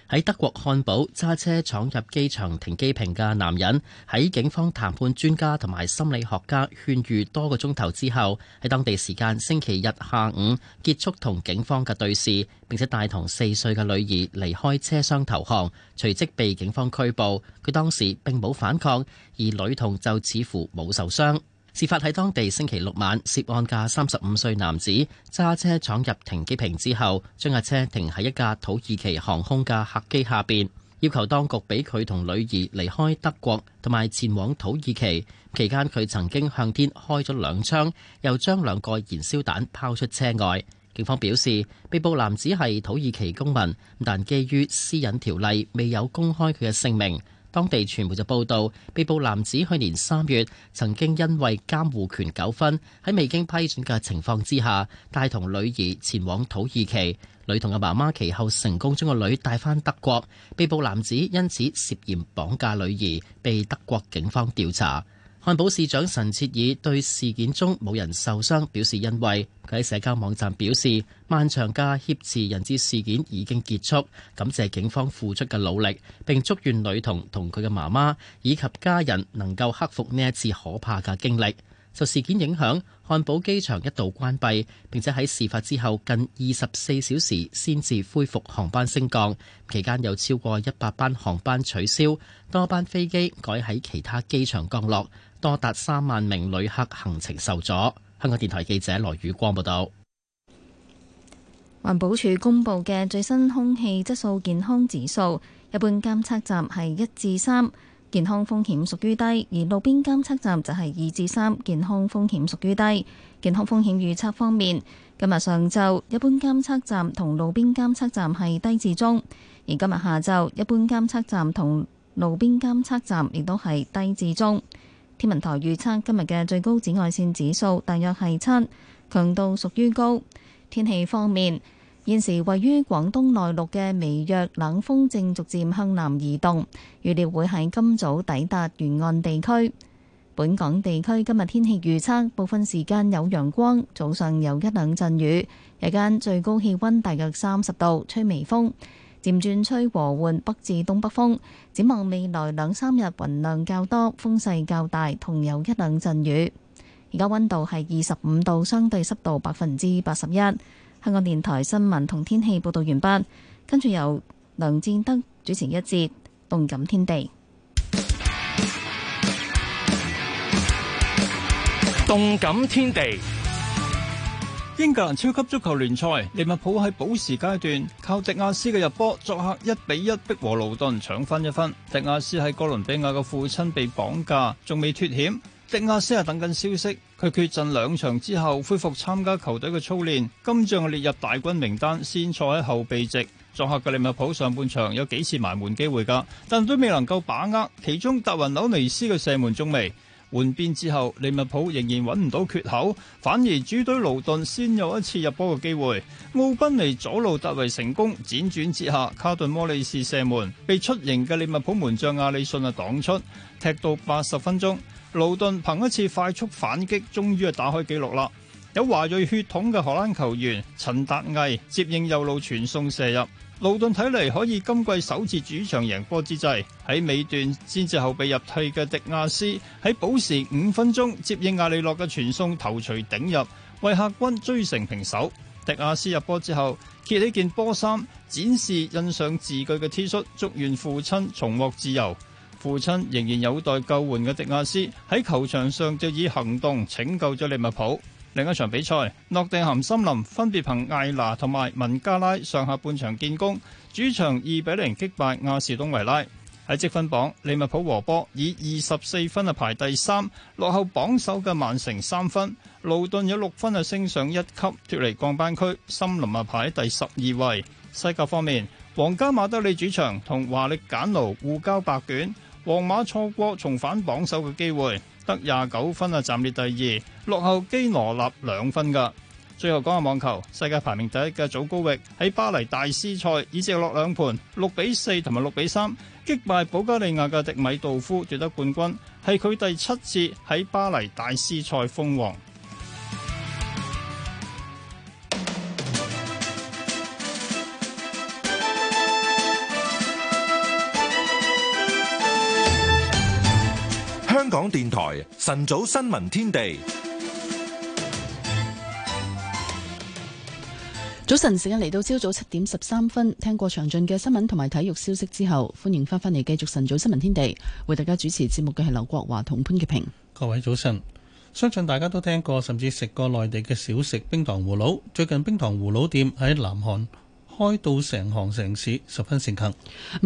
喺德國漢堡揸車闖入機場停機坪嘅男人，喺警方談判專家同埋心理學家勸喻多個鐘頭之後，喺當地時間星期日下午結束同警方嘅對峙，並且帶同四歲嘅女兒離開車廂投降，隨即被警方拘捕。佢當時並冇反抗，而女童就似乎冇受傷。事發喺當地星期六晚，涉案嘅三十五歲男子揸車闖入停機坪之後，將架車停喺一架土耳其航空嘅客機下邊，要求當局俾佢同女兒離開德國，同埋前往土耳其。期間佢曾經向天開咗兩槍，又將兩個燃燒彈拋出車外。警方表示，被捕男子係土耳其公民，但基於私隱條例，未有公開佢嘅姓名。當地傳媒就報道，被捕男子去年三月曾經因為監護權糾紛，喺未經批准嘅情況之下，帶同女兒前往土耳其。女童嘅媽媽其後成功將個女帶返德國。被捕男子因此涉嫌綁架女兒，被德國警方調查。漢堡市長神切爾對事件中冇人受傷表示欣慰。佢喺社交網站表示：漫長嘅挾持人質事件已經結束，感謝警方付出嘅努力，並祝願女童同佢嘅媽媽以及家人能夠克服呢一次可怕嘅經歷。受事件影響，漢堡機場一度關閉，並且喺事發之後近二十四小時先至恢復航班升降。期間有超過一百班航班取消，多班飛機改喺其他機場降落。多達三萬名旅客行程受阻。香港電台記者羅宇光報道，
環保署公布嘅最新空氣質素健康指數，一般監測站係一至三，健康風險屬於低；而路邊監測站就係二至三，健康風險屬於低。健康風險預測方面，今日上晝一般監測站同路邊監測站係低至中，而今日下晝一般監測站同路邊監測站亦都係低至中。天文台預測今日嘅最高紫外線指數大約係七，強度屬於高。天氣方面，現時位於廣東內陸嘅微弱冷鋒正逐漸向南移動，預料會喺今早抵達沿岸地區。本港地區今日天氣預測，部分時間有陽光，早上有一兩陣雨，日間最高氣温大約三十度，吹微風。漸轉吹和緩北至東北風，展望未來兩三日雲量較多，風勢較大，同有一兩陣雨。而家温度係二十五度，相對濕度百分之八十一。香港電台新聞同天氣報道完畢，跟住由梁戰德主持一節《動感天地》。
《動感天地》英格蘭超級足球聯賽，利物浦喺補時階段靠迪亞斯嘅入波，作客一比一逼和盧頓，搶返一分。迪亞斯喺哥倫比亞嘅父親被綁架，仲未脱險，迪亞斯係等緊消息。佢缺陣兩場之後，恢復參加球隊嘅操練，今仗列入大軍名單，先坐喺後備席。作客嘅利物浦上半場有幾次埋門機會噶，但都未能夠把握，其中達雲紐尼斯嘅射門中楣。換邊之後，利物浦仍然揾唔到缺口，反而主隊盧頓先有一次入波嘅機會。奧賓尼左路突圍成功，輾轉之下，卡頓摩利士射門被出營嘅利物浦門將阿里遜啊擋出，踢到八十分鐘，盧頓憑一次快速反擊，終於係打開紀錄啦！有華裔血統嘅荷蘭球員陳達毅接應右路傳送射入。勞頓睇嚟可以今季首次主場贏波之際，喺尾段先至後備入替嘅迪亞斯喺補時五分鐘接應阿里諾嘅傳送頭槌頂入，為客軍追成平手。迪亞斯入波之後揭起件波衫，展示印上字句嘅 T 恤，祝願父親重獲自由。父親仍然有待救援嘅迪亞斯喺球場上就以行動拯救咗利物浦。另一場比賽，諾定咸森林分別憑艾娜同埋文加拉上下半場建功，主場二比零擊敗亞士東維拉。喺積分榜，利物浦和波以二十四分啊排第三，落後榜首嘅曼城三分。盧頓有六分啊升上一級，脱離降班區。森林啊排第十二位。西甲方面，皇家馬德里主場同華力簡奴互交白卷，皇馬錯過重返榜首嘅機會。得廿九分啊，暫列第二，落後基羅納兩分噶。最後講下網球，世界排名第一嘅祖高域喺巴黎大師賽以直落兩盤六比四同埋六比三擊敗保加利亞嘅迪米道夫奪得冠軍，係佢第七次喺巴黎大師賽封王。
港電台晨早新聞天地，
早晨時間嚟到，朝早七點十三分。聽過詳盡嘅新聞同埋體育消息之後，歡迎翻返嚟繼續晨早新聞天地。為大家主持節目嘅係劉國華同潘潔平。
各位早晨，相信大家都聽過甚至食過內地嘅小食冰糖葫蘆。最近冰糖葫蘆店喺南韓。開到成行成市，十分盛行。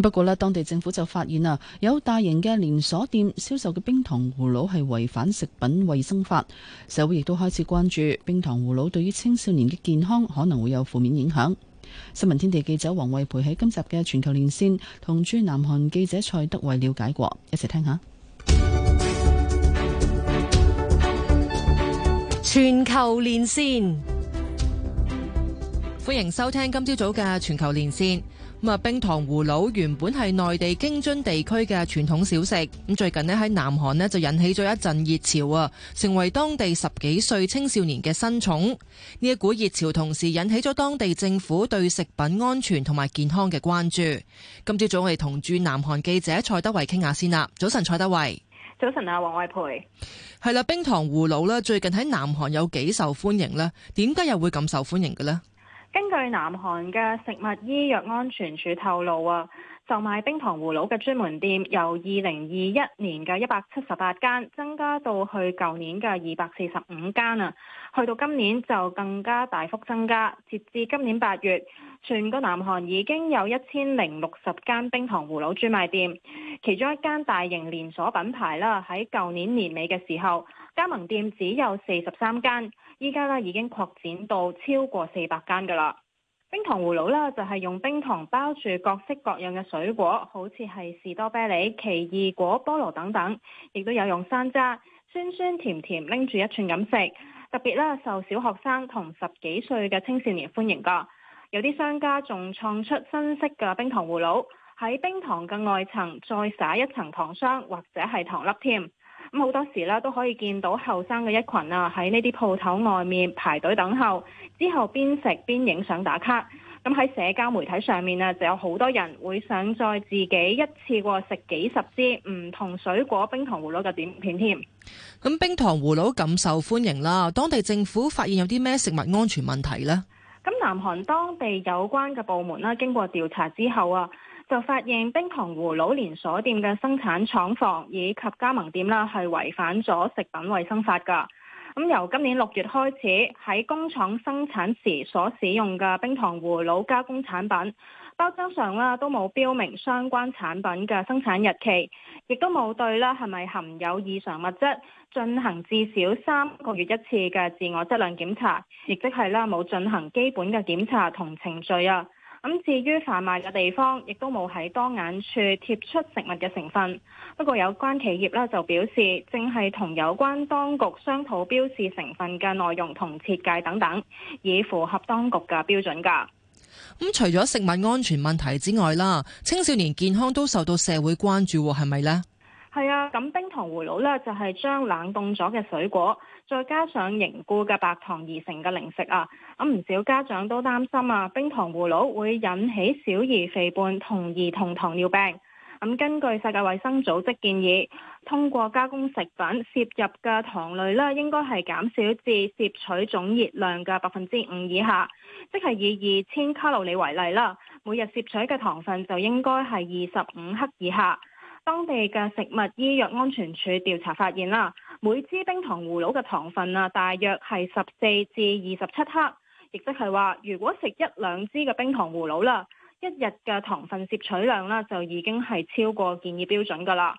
不過呢當地政府就發現啊，有大型嘅連鎖店銷售嘅冰糖葫蘆係違反食品衛生法。社會亦都開始關注冰糖葫蘆對於青少年嘅健康可能會有負面影響。新聞天地記者王慧培喺今集嘅全球連線同駐南韓記者蔡德偉了解過，一齊聽下。全
球連線。歡迎收聽今朝早嘅全球連線。咁啊，冰糖葫蘆原本係內地京津地區嘅傳統小食。咁最近咧喺南韓咧就引起咗一陣熱潮啊，成為當地十幾歲青少年嘅新寵。呢一股熱潮同時引起咗當地政府對食品安全同埋健康嘅關注。今朝早我哋同駐南韓記者蔡德維傾下先啦。早晨，蔡德維。早晨啊，黃偉培。係啦，冰糖葫蘆咧最近喺南韓有幾受歡迎呢？點解又會咁受歡迎嘅呢？
根據南韓嘅食物醫藥安全署透露啊，售賣冰糖葫蘆嘅專門店由二零二一年嘅一百七十八間增加到去舊年嘅二百四十五間啊，去到今年就更加大幅增加，截至今年八月，全個南韓已經有一千零六十間冰糖葫蘆專賣店，其中一間大型連鎖品牌啦，喺舊年年尾嘅時候，加盟店只有四十三間，依家呢已經擴展到超過四百間㗎啦。冰糖葫蘆呢，就係用冰糖包住各式各樣嘅水果，好似係士多啤梨、奇異果、菠蘿等等，亦都有用山楂，酸酸甜甜拎住一串飲食，特別呢，受小學生同十幾歲嘅青少年歡迎㗎。有啲商家仲創出新式嘅冰糖葫蘆，喺冰糖嘅外層再撒一層糖霜或者係糖粒添。咁好多時呢都可以見到後生嘅一群啊，喺呢啲鋪頭外面排隊等候，之後邊食邊影相打卡。咁喺社交媒體上面啊，就有好多人會想再自己一次過食幾十支唔同水果冰糖葫蘆嘅點片添。
咁冰糖葫蘆咁受歡迎啦，當地政府發現有啲咩食物安全問題呢？
咁南韓當地有關嘅部門啦，經過調查之後啊，就發現冰糖葫蘆連鎖店嘅生產廠房以及加盟店啦，係違反咗食品衛生法㗎。咁、嗯、由今年六月開始，喺工廠生產時所使用嘅冰糖葫蘆加工產品包裝上啦，都冇標明相關產品嘅生產日期，亦都冇對啦係咪含有異常物質進行至少三個月一次嘅自我質量檢查，亦即係啦冇進行基本嘅檢查同程序啊。咁至於販賣嘅地方，亦都冇喺當眼處貼出食物嘅成分。不過有關企業呢就表示，正係同有關當局商討標示成分嘅內容同設計等等，以符合當局嘅標準㗎。咁、
嗯、除咗食物安全問題之外啦，青少年健康都受到社會關注，係咪呢？
係啊，咁冰糖葫蘆呢，就係、是、將冷凍咗嘅水果。再加上凝固嘅白糖而成嘅零食啊，咁唔少家長都擔心啊，冰糖葫蘆會引起小兒肥胖同兒童糖尿病。咁根據世界衛生組織建議，通過加工食品攝入嘅糖類咧，應該係減少至攝取總熱量嘅百分之五以下，即係以二千卡路里為例啦，每日攝取嘅糖分就應該係二十五克以下。當地嘅食物醫藥安全處調查發現啦，每支冰糖葫蘆嘅糖分啊，大約係十四至二十七克，亦即係話，如果食一兩支嘅冰糖葫蘆啦，一日嘅糖分攝取量啦，就已經係超過建議標準㗎喇。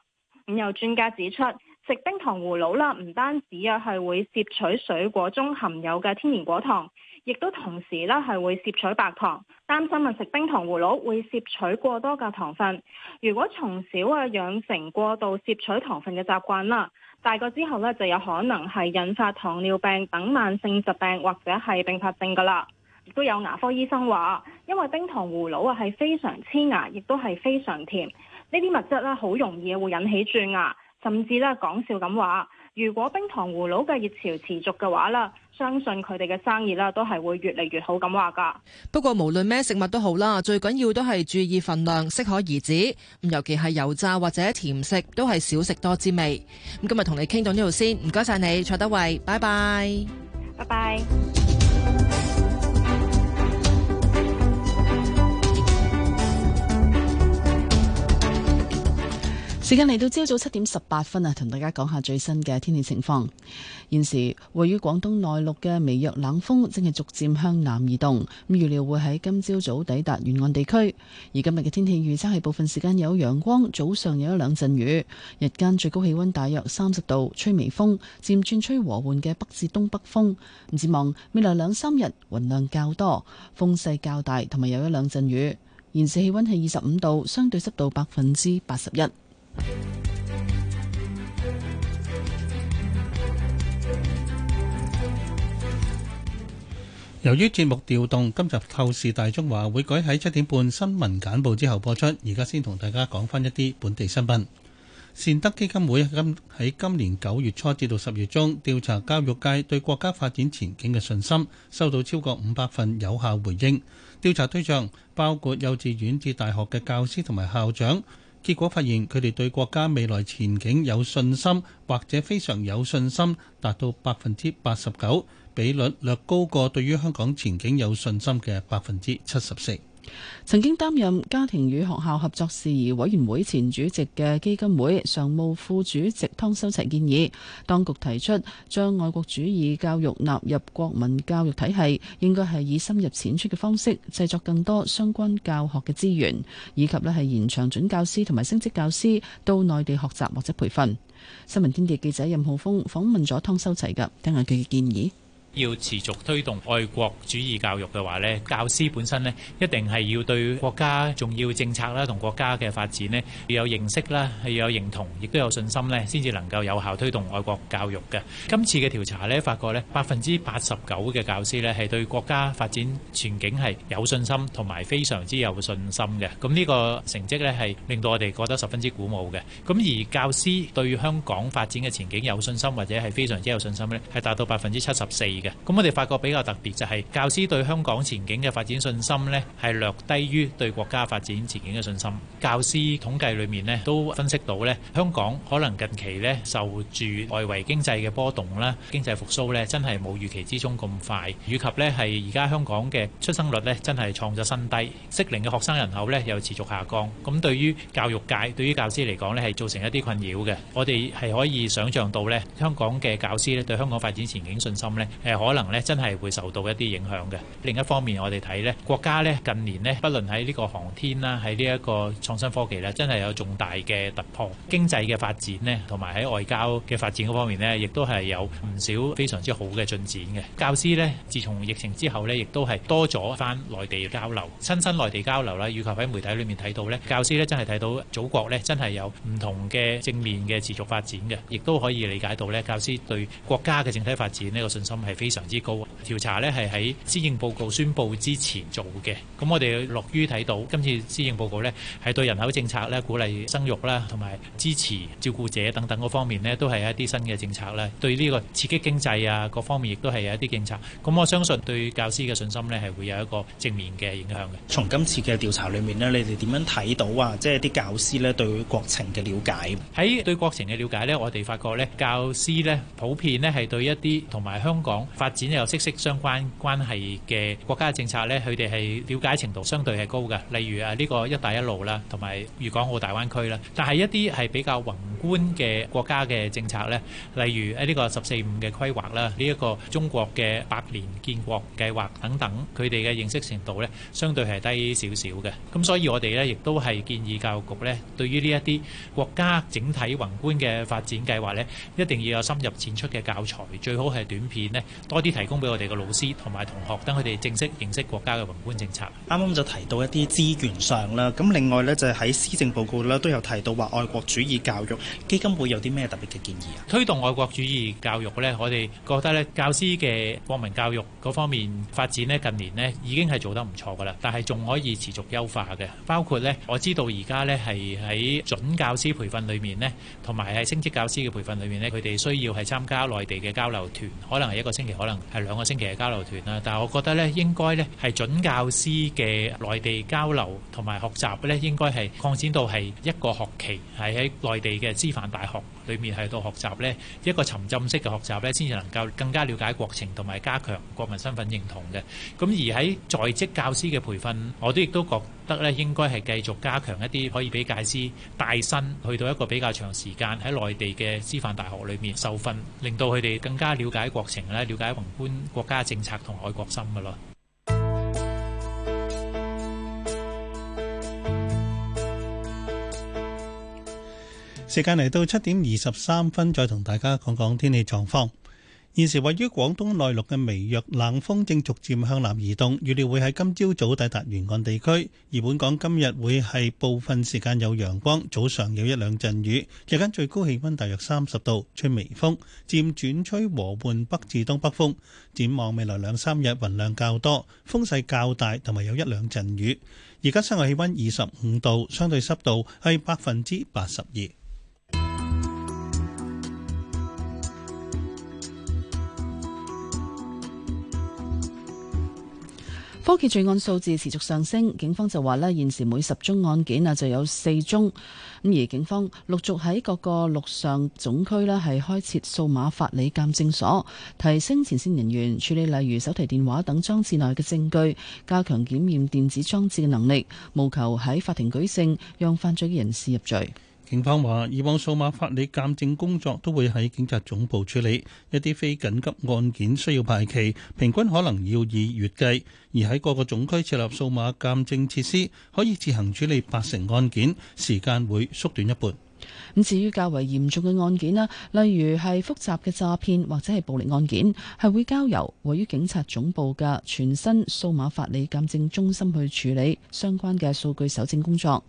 咁有專家指出，食冰糖葫蘆啦，唔單止啊係會攝取水果中含有嘅天然果糖。亦都同時咧係會攝取白糖，擔心啊食冰糖葫蘆會攝取過多嘅糖分。如果從小啊養成過度攝取糖分嘅習慣啦，大個之後咧就有可能係引發糖尿病等慢性疾病或者係併發症㗎啦。亦都有牙科醫生話，因為冰糖葫蘆啊係非常黐牙，亦都係非常甜，呢啲物質咧好容易會引起蛀牙，甚至咧講笑咁話。如果冰糖葫蘆嘅熱潮持續嘅話啦，相信佢哋嘅生意啦都係會越嚟越好咁話噶。
不過無論咩食物都好啦，最緊要都係注意份量，適可而止。咁尤其係油炸或者甜食，都係少食多滋味。咁今日同你傾到呢度先，唔該晒你，蔡德偉，拜拜，
拜拜。
時間嚟到朝早七點十八分啊，同大家講下最新嘅天氣情況。現時位於廣東內陸嘅微弱冷鋒正係逐漸向南移動，咁預料會喺今朝早抵達沿岸地區。而今日嘅天氣預測係部分時間有陽光，早上有一兩陣雨，日間最高氣溫大約三十度，吹微風，漸轉吹和緩嘅北至東北風。展望未來兩三日，雲量較多，風勢較大，同埋有一兩陣雨。現時氣溫係二十五度，相對濕度百分之八十一。
由於節目調動，今集《透視大中華》會改喺七點半新聞簡報之後播出。而家先同大家講返一啲本地新聞。善德基金會今喺今年九月初至到十月中調查教育界對國家發展前景嘅信心，收到超過五百份有效回應。調查對象包括幼稚園至大學嘅教師同埋校長。結果發現，佢哋對國家未來前景有信心，或者非常有信心，達到百分之八十九，比率略高過對於香港前景有信心嘅百分之七十四。
曾經擔任家庭與學校合作事宜委員會前主席嘅基金會常務副主席湯修齊建議，當局提出將愛國主義教育納入國民教育體系，應該係以深入淺出嘅方式製作更多相關教學嘅資源，以及咧係延長準教師同埋升職教師到內地學習或者培訓。新聞天地記者任浩峰訪問咗湯修齊噉，聽下佢嘅建議。
要持續推動愛國主義教育嘅話咧，教師本身咧一定係要對國家重要政策啦，同國家嘅發展咧要有認識啦，係要有認同，亦都有信心咧，先至能夠有效推動愛國教育嘅。今次嘅調查咧發覺咧，百分之八十九嘅教師咧係對國家發展前景係有信心，同埋非常之有信心嘅。咁呢個成績咧係令到我哋覺得十分之鼓舞嘅。咁而教師對香港發展嘅前景有信心，或者係非常之有信心咧，係達到百分之七十四。咁我哋發覺比較特別就係教師對香港前景嘅發展信心呢，係略低於對國家發展前景嘅信心。教師統計裏面呢都分析到呢，香港可能近期呢受住外圍經濟嘅波動啦，經濟復甦呢真係冇預期之中咁快，以及呢係而家香港嘅出生率呢真係創咗新低，適齡嘅學生人口呢又持續下降。咁對於教育界，對於教師嚟講呢係造成一啲困擾嘅。我哋係可以想像到呢，香港嘅教師呢對香港發展前景信心呢。誒可能咧，真係會受到一啲影響嘅。另一方面，我哋睇咧國家咧近年咧，不論喺呢個航天啦，喺呢一個創新科技啦，真係有重大嘅突破。經濟嘅發展咧，同埋喺外交嘅發展嗰方面咧，亦都係有唔少非常之好嘅進展嘅。教師咧，自從疫情之後咧，亦都係多咗翻內地交流，親身內地交流啦。以及喺媒體裏面睇到咧，教師咧真係睇到祖國咧真係有唔同嘅正面嘅持續發展嘅，亦都可以理解到咧，教師對國家嘅整體發展呢個信心係非常之高，調查咧係喺施政報告宣佈之前做嘅，咁我哋樂於睇到今次施政報告咧，係對人口政策咧鼓勵生育啦，同埋支持照顧者等等嗰方面咧，都係一啲新嘅政策啦。對呢個刺激經濟啊，各方面亦都係有一啲政策。咁我相信對教師嘅信心咧，係會有一個正面嘅影響嘅。從今次嘅調查裏面咧，你哋
點樣睇到啊？即係啲教師咧對國情嘅瞭解？喺對國
情嘅瞭解咧，我哋發覺咧，教師咧普遍咧係對一啲同埋香港，發展有息息相關關係嘅國家政策呢，佢哋係了解程度相對係高嘅。例如誒呢個一帶一路啦，同埋粵港澳大灣區啦。但係一啲係比較宏觀嘅國家嘅政策呢，例如誒呢個十四五嘅規劃啦，呢一個中國嘅百年建國計劃等等，佢哋嘅認識程度呢相對係低少少嘅。咁所以我哋呢亦都係建議教育局呢，對於呢一啲國家整體宏觀嘅發展計劃呢，一定要有深入淺出嘅教材，最好係短片呢。多啲提供俾我哋嘅老師同埋同學，等佢哋正式認識國家嘅宏觀政策。
啱啱就提到一啲資源上啦，咁另外呢，就係喺施政報告呢都有提到話愛國主義教育基金
會有啲咩特別嘅建議啊？推動愛國主義教育呢，我哋覺得呢，教師嘅國民教育嗰方面發展呢，近年呢已經係做得唔錯㗎喇，但係仲可以持續優化嘅。包括呢，我知道而家呢係喺準教師培訓裏面呢，同埋係升職教師嘅培訓裏面呢，佢哋需要係參加內地嘅交流團，可能係一個星期可能係兩個星期嘅交流團啦，但係我覺得呢，應該呢，係準教師嘅內地交流同埋學習呢，應該係擴展到係一個學期，係喺內地嘅師範大學裏面係度學習呢，一個沉浸式嘅學習呢，先至能夠更加了解國情同埋加強國民身份認同嘅。咁而喺在職教師嘅培訓，我都亦都覺得咧，應該係繼續加強一啲可以俾教師帶薪去到一個比較長時間喺內地嘅師範大學裏面受訓，令到佢哋更加了解國情咧，了解宏觀國家政策同愛國心噶咯。
時間嚟到七點二十三分，再同大家講講天氣狀況。現時位於廣東內陸嘅微弱冷鋒正逐漸向南移動，預料會喺今朝早抵達沿岸地區。而本港今日會係部分時間有陽光，早上有一兩陣雨，日間最高氣溫大約三十度，吹微風，漸轉吹和緩北至東北風。展望未來兩三日雲量較多，風勢較大，同埋有一兩陣雨。而家室外氣溫二十五度，相對濕度係百分之八十二。
科技罪案數字持續上升，警方就話呢，現時每十宗案件啊就有四宗。咁而警方陸續喺各個陸上總區呢係開設數碼法理鑑證所，提升前線人員處理例如手提電話等裝置內嘅證據，加強檢驗電子裝置嘅能力，
務求喺法庭舉證，讓犯罪嘅人士入罪。警方話：以往數碼法理鑑證工作都會喺警察總部處理，一啲非緊急案件需要排期，平均可能要以月計。而喺各個總區設立數碼鑑證設施，可以自行處理八成案件，時間會縮短一半。
咁至於較為嚴重嘅案件啦，例如係複雜嘅詐騙或者係暴力案件，係會交由位於警察總部嘅全新數碼法理鑑證中心去處理相關嘅數據搜證工作。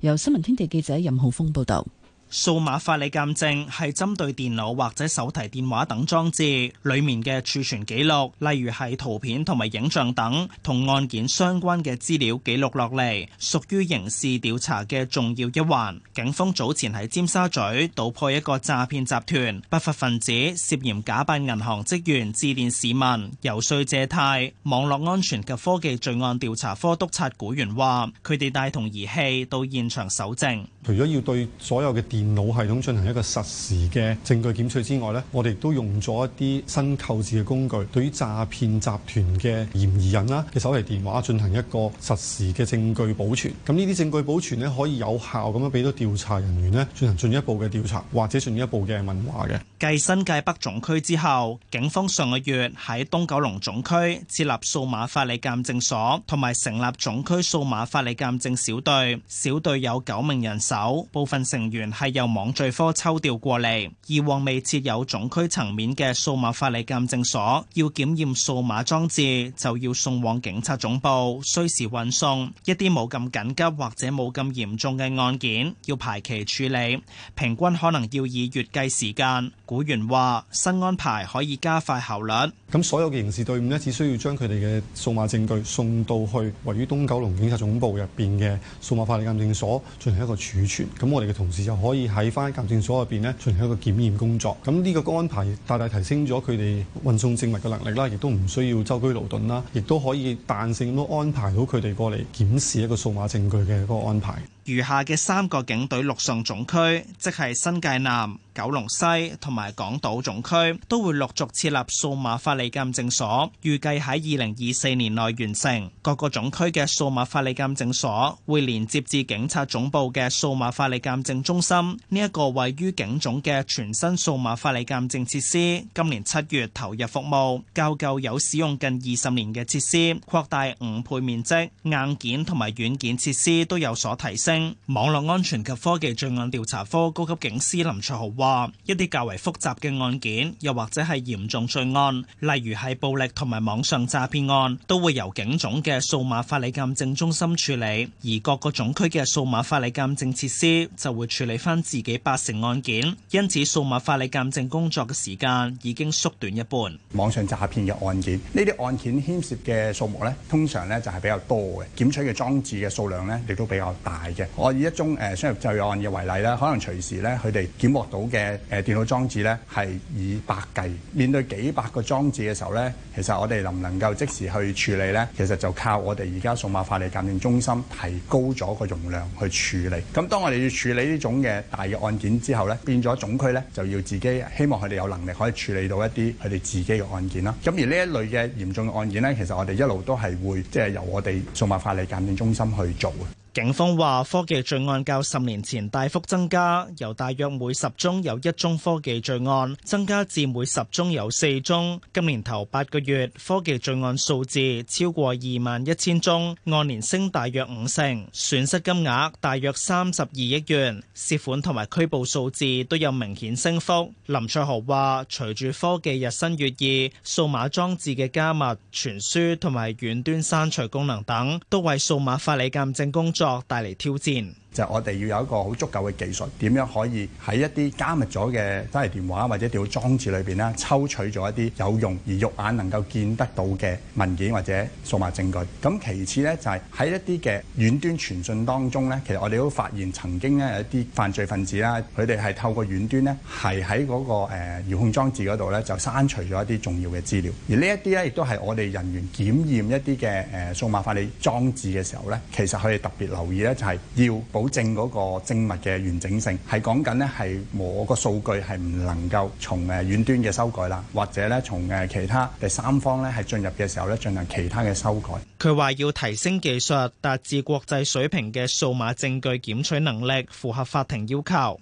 由新聞天地記者任浩峰報導。
數碼法理鑑證係針對電腦或者手提電話等裝置裡面嘅儲存記錄，例如係圖片同埋影像等，同案件相關嘅資料記錄落嚟，屬於刑事調查嘅重要一環。警方早前喺尖沙咀搗破一個詐騙集團，不法分子涉嫌假扮銀行職員，致電市民遊說借貸。網絡安全及科技罪案調查科督察古員話，佢哋帶同儀器到現場搜證。
除咗要對所有嘅電電腦系統進行一個實時嘅證據檢取之外呢，我哋亦都用咗一啲新購置嘅工具，對於詐騙集團嘅嫌疑人啦嘅手提電話進行一個實時嘅證據保存。咁呢啲證據保存呢，可以有效咁樣俾到調查人員呢進行進一步嘅調查或者進一步嘅問話嘅。
繼新界北總區之後，警方上個月喺東九龍總區設立數碼法理鑑證所，同埋成立總區數碼法理鑑證小隊，小隊有九名人手，部分成員係，由網罪科抽調過嚟，以往未設有總區層面嘅數碼法理鑑證所，要檢驗數碼裝置就要送往警察總部，需時運送。一啲冇咁緊急或者冇咁嚴重嘅案件，要排期處理，平均可能要以月計時間。古元話：新安排可以加快效率。
咁所有嘅刑事隊伍呢，只需要將佢哋嘅數碼證據送到去位於東九龍警察總部入邊嘅數碼法理鑑證所進行一個儲存，咁我哋嘅同事就可以。喺翻鑑證所入邊咧，進行一個檢驗工作。咁呢個安排大大，大提升咗佢哋運送證物嘅能力啦，亦都唔需要舟車勞頓啦，亦都可以彈性都安排到佢哋過嚟檢視一個數碼證據嘅個安排。
餘下嘅三個警隊陸上總區，即係新界南、九龍西同埋港島總區，都會陸續設立數碼法理鑑證所，預計喺二零二四年內完成。各個總區嘅數碼法理鑑證所會連接至警察總部嘅數碼法理鑑證中心，呢一個位於警總嘅全新數碼法理鑑證設施，今年七月投入服務，較舊有使用近二十年嘅設施，擴大五倍面積，硬件同埋軟件設施都有所提升。網絡安全及科技罪案調查科高級警司林卓豪話：一啲較為複雜嘅案件，又或者係嚴重罪案，例如係暴力同埋網上詐騙案，都會由警總嘅數碼法理鑑證中心處理，而各個總區嘅數碼法理鑑證設施就會處理翻自己八成案件。
因此，數碼法理鑑證工作嘅時間已經縮短一半。網上詐騙嘅案件，呢啲案件牽涉嘅數目呢，通常呢就係比較多嘅，檢取嘅裝置嘅數量呢亦都比較大嘅。我以一宗誒商業罪案嘅為例咧，可能隨時咧佢哋檢獲到嘅誒、呃、電腦裝置咧，係以百計。面對幾百個裝置嘅時候咧，其實我哋能唔能夠即時去處理咧？其實就靠我哋而家數碼法例鑑定中心提高咗個容量去處理。咁當我哋要處理呢種嘅大嘅案件之後咧，變咗總區咧就要自己希望佢哋有能力可以處理到一啲佢哋自己嘅案件啦。咁而呢一類嘅嚴重嘅案件咧，其實我哋一路都係會即係、就是、由我哋數碼法例鑑定中心去做。
警方話科技罪案較十年前大幅增加，由大約每十宗有一宗科技罪案，增加至每十宗有四宗。今年頭八個月，科技罪案數字超過二萬一千宗，按年升大約五成，損失金額大約三十二億元，涉款同埋拘捕數字都有明顯升幅。林卓豪話：隨住科技日新月異，數碼裝置嘅加密傳輸同埋遠端刪除功能等，都為數碼法理鑑證工
作作帶嚟挑戰。就我哋要有一個好足夠嘅技術，點樣可以喺一啲加密咗嘅真係電話或者電腦裝置裏邊咧，抽取咗一啲有用而肉眼能夠見得到嘅文件或者數碼證據。咁其次咧，就係喺一啲嘅遠端傳訊當中咧，其實我哋都發現曾經咧有一啲犯罪分子啦，佢哋係透過遠端咧，係喺嗰個誒遙控裝置嗰度咧，就刪除咗一啲重要嘅資料。而呢一啲咧，亦都係我哋人員檢驗一啲嘅誒數碼化理裝置嘅時候咧，其實佢哋特別留意咧，就係要保。保證嗰個證物嘅完整性，係講緊咧，係我個數據，係唔能夠從誒遠端嘅修改啦，或者咧從誒其他第三方咧係進入嘅時候咧進行其他嘅修改。
佢話要提升技術，達至國際水平嘅數碼證據檢取能力，符合法庭要求。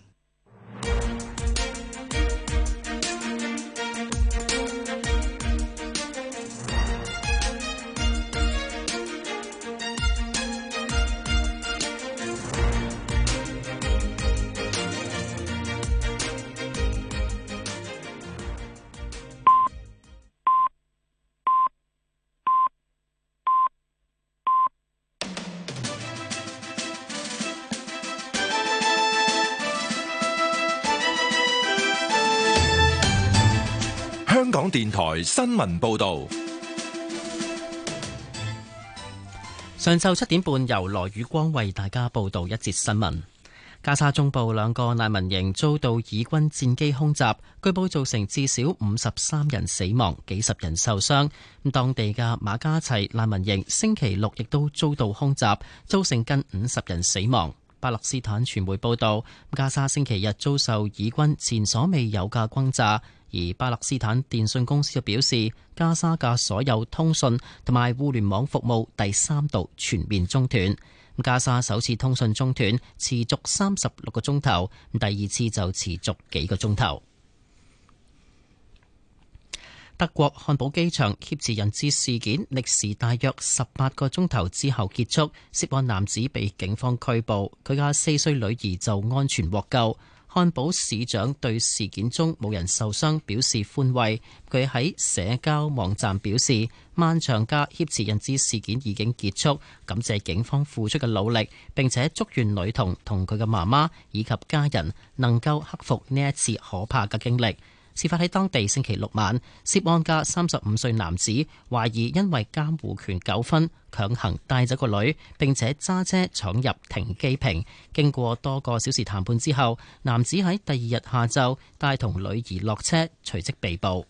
新聞報道：上晝七點半，由羅宇光
為大家報道一節新聞。加沙中部兩個難民營遭到以軍戰機空襲，據報造成至少五十三人死亡，幾十人受傷。咁當地嘅馬加齊難民營星期六亦都遭到空襲，造成近五十人死亡。巴勒斯坦傳媒報道，加沙星期日遭受以軍前所未有嘅轟炸。而巴勒斯坦電信公司就表示，加沙嘅所有通訊同埋互聯網服務第三度全面中斷。加沙首次通訊中斷持續三十六個鐘頭，第二次就持續幾個鐘頭。德國漢堡機場挾持人質事件歷時大約十八個鐘頭之後結束，涉案男子被警方拘捕，佢嘅四歲女兒就安全獲救。漢堡市長對事件中冇人受傷表示寬慰。佢喺社交網站表示，漫長嘅挾持人質事件已經結束，感謝警方付出嘅努力，並且祝願女童同佢嘅媽媽以及家人能夠克服呢一次可怕嘅經歷。事發喺當地星期六晚，涉案嘅三十五歲男子懷疑因為監護權糾紛，強行帶走個女，並且揸車闖入停機坪。經過多個小時談判之後，男子喺第二日下晝帶同女兒落車，隨即被捕。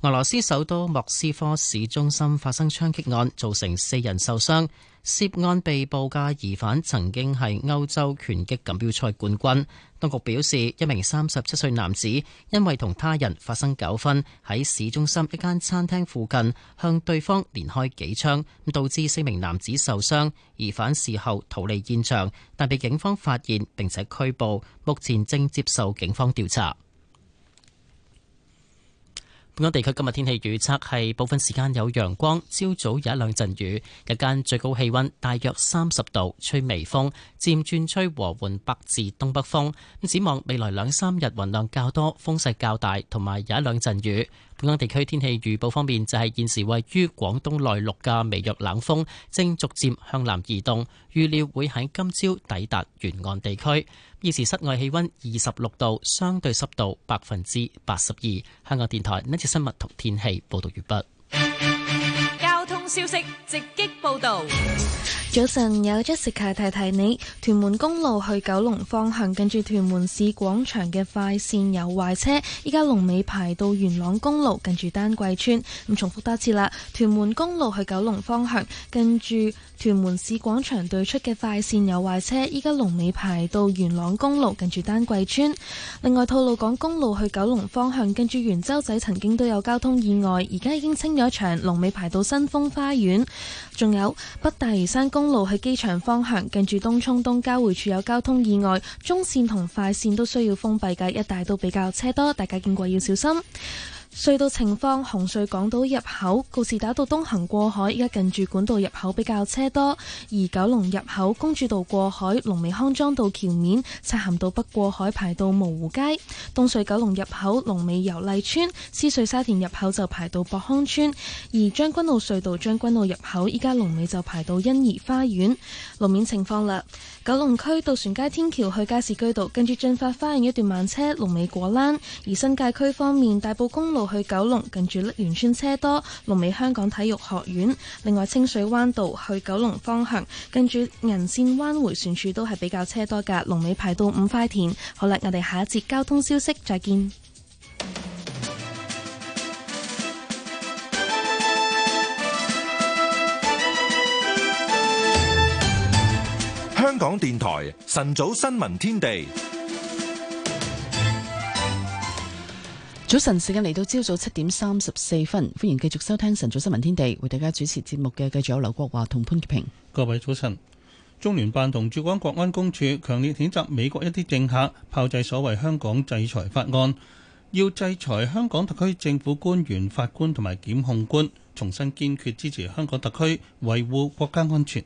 俄羅斯首都莫斯科市中心發生槍擊案，造成四人受傷。涉案被捕嘅疑犯曾經係歐洲拳擊錦標賽冠軍。當局表示，一名三十七歲男子因為同他人發生糾紛，喺市中心一間餐廳附近向對方連開幾槍，咁導致四名男子受傷。疑犯事後逃離現場，但被警方發現並且拘捕，目前正接受警方調查。本港地區今日天，天氣預測係部分時間有陽光，朝早有一兩陣雨，日間最高氣溫大約三十度，吹微風，漸轉吹和緩北至東北風。咁展望未來兩三日，雲量較多，風勢較大，同埋有一兩陣雨。本港地區天氣預報方面，就係現時位於廣東內陸嘅微弱冷鋒，正逐漸向南移動，預料會喺今朝抵達沿岸地區。現時室外氣溫二十六度，相對濕度百分之八十二。香港電台呢次新聞同天氣報道完畢。交通消息直擊報道。
早晨，有 Jessica 提提你，屯門公路去九龍方向，近住屯門市廣場嘅快線有壞車，依家龍尾排到元朗公路，近住丹桂村。咁重複多一次啦，屯門公路去九龍方向，近住。屯門市廣場對出嘅快線有壞車，依家龍尾排到元朗公路，近住丹桂村。另外，吐露港公路去九龍方向，近住元洲仔，曾經都有交通意外，而家已經清咗場，龍尾排到新豐花園。仲有北大嶼山公路去機場方向，近住東涌東交匯處有交通意外，中線同快線都需要封閉嘅，一帶都比較車多，大家經過要小心。隧道情況：紅隧港島入口告士打道東行過海，依家近住管道入口比較車多；而九龍入口公主道過海，龍尾康莊道橋面、漆咸道北過海排到蕪湖街；東隧九龍入口龍尾油麗村，獅隧沙田入口就排到博康村；而將軍澳隧道將軍澳入口依家龍尾就排到欣怡花園路面情況啦。九龍區渡船街天橋去加士居道，跟住進發翻一段慢車，龍尾果欄；而新界區方面，大埔公路去九龍，近住瀝源邨車多，龍尾香港體育學院。另外，清水灣道去九龍方向，近住銀線灣回旋處都係比較車多噶，龍尾排到五塊田。好啦，我哋下一節交通消息再見。
香港電台晨早新聞天地，
早晨時間嚟到朝早七點三十四分，歡迎繼續收聽晨早新聞天地，為大家主持節目嘅繼續有劉國華同潘潔平。
各位早晨，中聯辦同駐港國安公署強烈譴責美國一啲政客炮製所謂香港制裁法案，要制裁香港特區政府官員、法官同埋檢控官。重新堅決支持香港特區維護國家安全。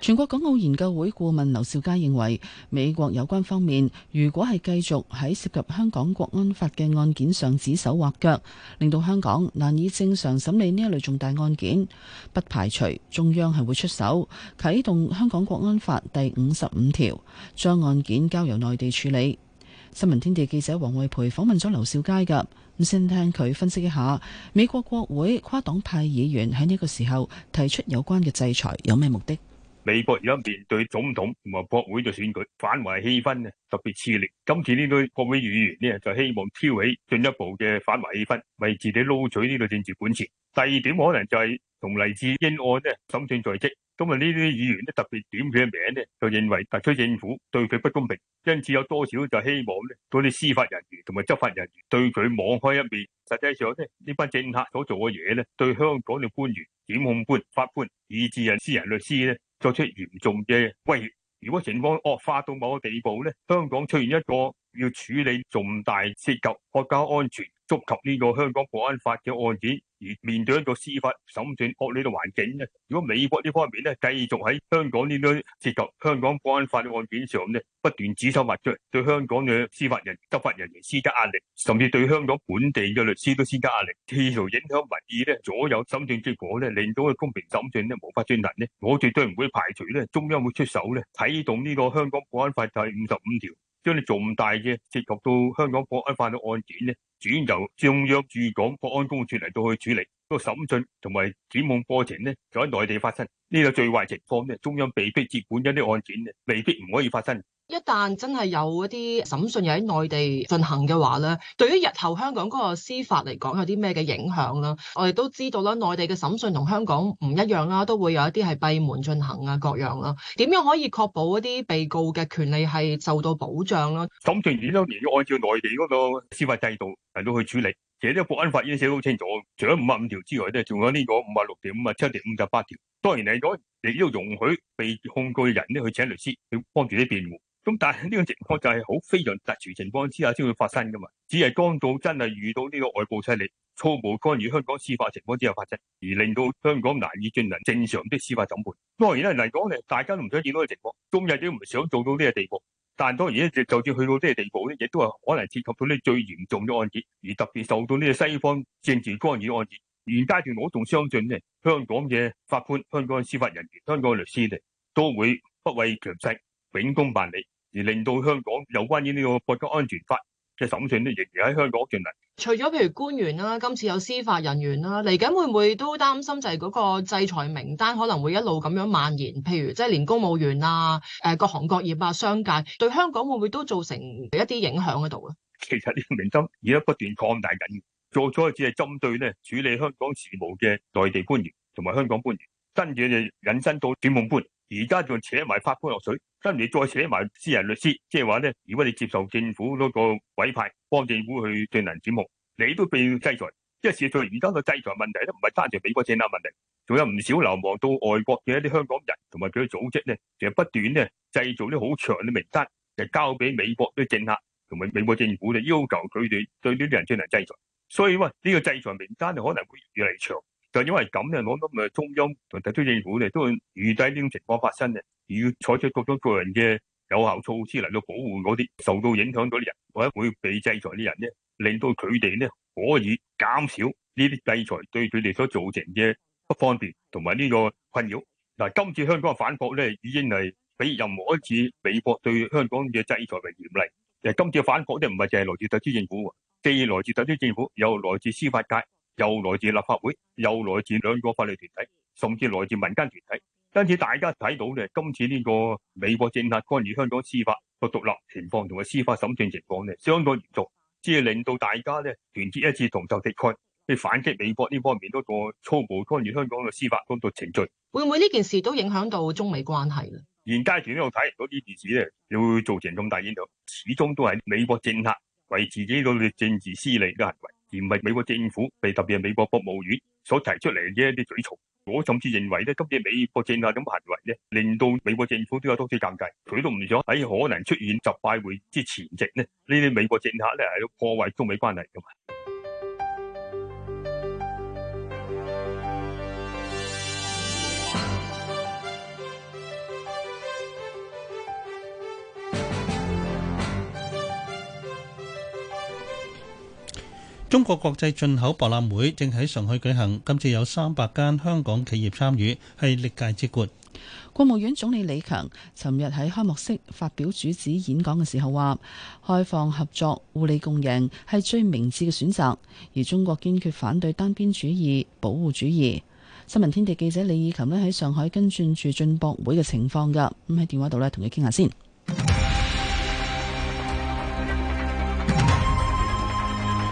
全國港澳研究會顧問劉兆佳認為，美國有關方面如果係繼續喺涉及香港國安法嘅案件上指手畫腳，令到香港難以正常審理呢一類重大案件，不排除中央係會出手啟動香港國安法第五十五條，將案件交由內地處理。新聞天地記者王惠培訪問咗劉兆佳㗎。先聽佢分析一下，美國國會跨黨派議員喺呢個時候提出有關嘅制裁，有咩目的？
美國而家面對總統同埋國會嘅選舉反華氣氛呢，特別熾烈。今次呢對國會議員呢，就希望挑起進一步嘅反華氣氛，為自己撈取呢個政治本錢。第二點可能就係同黎智英案呢，審訊在即。咁啊呢啲議員呢，特別點佢嘅名呢，就認為特區政府對佢不公平，因此有多少就希望呢嗰啲司法人員同埋執法人員對佢網開一面。實際上呢，呢班政客所做嘅嘢呢，對香港嘅官員、檢控官、法官以至係私人律師呢。作出嚴重嘅威脅，如果情況惡化到某個地步呢，香港出現一個要處理重大涉及國家安全，觸及呢個香港國安法嘅案件，而面對一個司法審訊惡劣嘅環境咧，如果美國呢方面咧繼續喺香港呢個涉及香港國安法嘅案件上咧，不斷指手畫腳，對香港嘅司法人、執法人員施加壓力，甚至對香港本地嘅律師都施加壓力，企圖影響民意咧、左右審訊結果咧，令到個公平審訊咧無法進行咧，我絕對唔會排除咧，中央會出手咧，啟動呢個香港國安法第五十五條，將你重大嘅涉及到香港國安法嘅案件咧。轉由中央駐港國安公署嚟到去處理個審訊同埋檢控過程咧，就喺內地發生呢個最壞情況咧，中央被迫接管一啲案件咧，未必唔可以發生。
一旦真係有一啲審訊又喺內地進行嘅話咧，對於日後香港嗰個司法嚟講，有啲咩嘅影響咧？我哋都知道啦，內地嘅審訊同香港唔一樣啦，都會有一啲係閉門進行啊，各樣啦。點樣可以確保一啲被告嘅權利係受到保障咧？
審訊始終都要按照內地嗰個司法制度嚟到去處理。其實啲國安法院寫得好清楚，除咗五十五條之外咧，仲有呢個五十六條、五十七條、五十八條。當然係咗你呢度容許被控告嘅人咧去請律師要幫住啲辯護。咁但係呢個情況就係好非常特殊情況之下先會發生噶嘛，只係當到真係遇到呢個外部勢力粗暴干預香港司法情況之下發生，而令到香港難以進行正常的司法審判。當然啦嚟講咧，大家都唔想見到嘅情況，今日都唔想做到呢個地步。但係當然咧，就就算去到呢個地步咧，亦都係可能涉及到呢最嚴重嘅案件，而特別受到呢個西方政治干預案件。現階段我仲相信呢香港嘅法官、香港嘅司法人員、香港嘅律師咧，都會不畏強勢，秉公辦理，而令到香港有關於呢個國家安全法嘅審訊呢，仍然喺香港進行。
除咗譬如官員啦、啊，今次有司法人員啦、啊，嚟緊會唔會都擔心就係嗰個制裁名單可能會一路咁樣蔓延？譬如即係連公務員啊、誒各行各業啊、商界，對香港會唔會都造成一啲影響喺度咧？
其實呢個名單而家不斷擴大緊，做咗只係針對咧處理香港事務嘅內地官員同埋香港官員，跟住就引申到轉判官。而家仲扯埋法官落水，跟住再扯埋私人律師，即係話咧，如果你接受政府嗰個委派，幫政府去進行指控，你都被制裁。即係事實上，而家個制裁問題都唔係單止美國政客問題，仲有唔少流亡到外國嘅一啲香港人，同埋佢嘅組織咧，就不斷咧製造啲好長嘅名單，就交俾美國啲政客同埋美國政府，就要求佢哋對呢啲人進行制裁。所以話呢，呢個制裁名單就可能會越嚟越長。就因為咁咧，我諗誒，中央同特區政府咧都會預計呢種情況發生嘅，要採取各種個人嘅有效措施嚟到保護嗰啲受到影響咗啲人或者會被制裁啲人咧，令到佢哋咧可以減少呢啲制裁對佢哋所造成嘅不方便同埋呢個困擾。嗱，今次香港嘅反撲咧已經係比任何一次美國對香港嘅制裁嘅嚴厲。誒，今次嘅反撲咧唔係淨係來自特區政府，既來自特區政府，又來自司法界。又來自立法會，又來自兩個法律團體，甚至來自民間團體，因此大家睇到咧，今次呢個美國政客干預香港司法個獨立情況同埋司法審訊情況咧，相當嚴重，即係令到大家咧團結一致同仇敵愾去反擊美國呢方面多個粗暴干預香港嘅司法工作程序。會
唔會呢件事都影響到中美關係咧？
現階段我睇唔到呢件事咧，又會造成咁大影響，始終都係美國政客為自己嗰個政治私利嘅行為。而唔係美國政府，特別係美國國務院所提出嚟嘅一啲舉措。我甚至認為咧，今次美國政客咁行為咧，令到美國政府都有多少尷尬，佢都唔想喺可能出現習拜會之前夕咧，呢啲美國政客咧係要破壞中美關係噶嘛。
中國國際進口博覽會正喺上海舉行，今次有三百間香港企業參與，係歷屆之冠。
國務院總理李強尋日喺開幕式發表主旨演講嘅時候話：開放合作、互利共贏係最明智嘅選擇。而中國堅決反對單邊主義、保護主義。新聞天地記者李以琴呢喺上海跟進住進博會嘅情況噶，咁喺電話度呢，同你傾下先。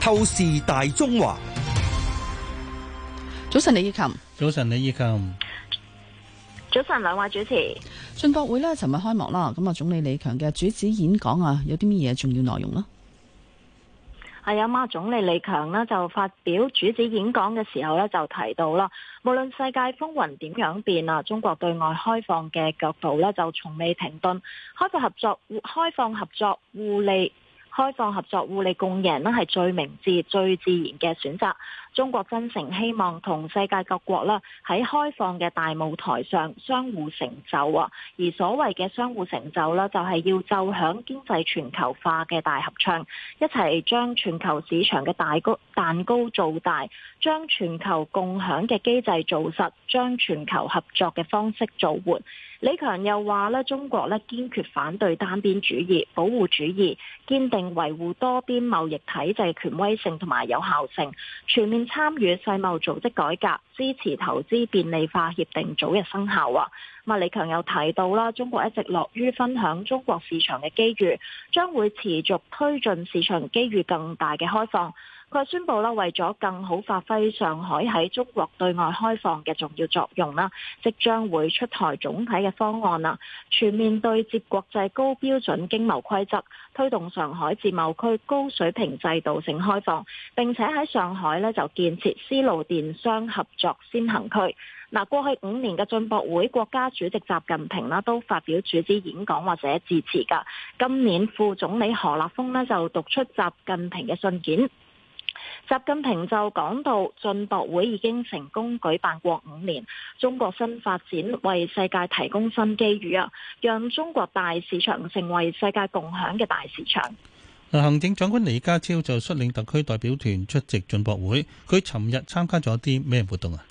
透視大中華，早晨李依琴，早晨李依琴，
早晨兩位主持。
進博會呢，尋日開幕啦，咁啊，總理李強嘅主旨演講啊，有啲乜嘢重要內容呢？
係啊、哎，咁啊，總理李強呢，就發表主旨演講嘅時候呢，就提到啦，無論世界風雲點樣變啊，中國對外開放嘅腳步呢，就從未停頓，開放合作，開放合作互利。開放合作、互利共贏，呢係最明智、最自然嘅選擇。中國真誠希望同世界各國啦喺開放嘅大舞台上相互成就啊！而所謂嘅相互成就咧，就係要奏響經濟全球化嘅大合唱，一齊將全球市場嘅大蛋糕做大，將全球共享嘅機制做實，將全球合作嘅方式做活。李強又話咧，中國咧堅決反對單邊主義、保護主義，堅定維護多邊貿易體制權威性同埋有效性，全面。參與世貿組織改革，支持投資便利化協定早日生效啊！咁啊，李強又提到啦，中國一直樂於分享中國市場嘅機遇，將會持續推進市場機遇更大嘅開放。佢宣布啦，為咗更好發揮上海喺中國對外開放嘅重要作用啦，即將會出台總體嘅方案啦，全面對接國際高標準經貿規則，推動上海自貿區高水平制度性開放，並且喺上海咧就建設絲路電商合作先行區。嗱，過去五年嘅進博會，國家主席習近平啦都發表主旨演講或者致辭噶。今年副總理何立峰咧就讀出習近平嘅信件。習近平就講到，進博會已經成功舉辦過五年，中國新發展為世界提供新機遇啊，讓中國大市場成為世界共享嘅大市場。
行政長官李家超就率領特區代表團出席進博會，佢尋日參加咗啲咩活動啊？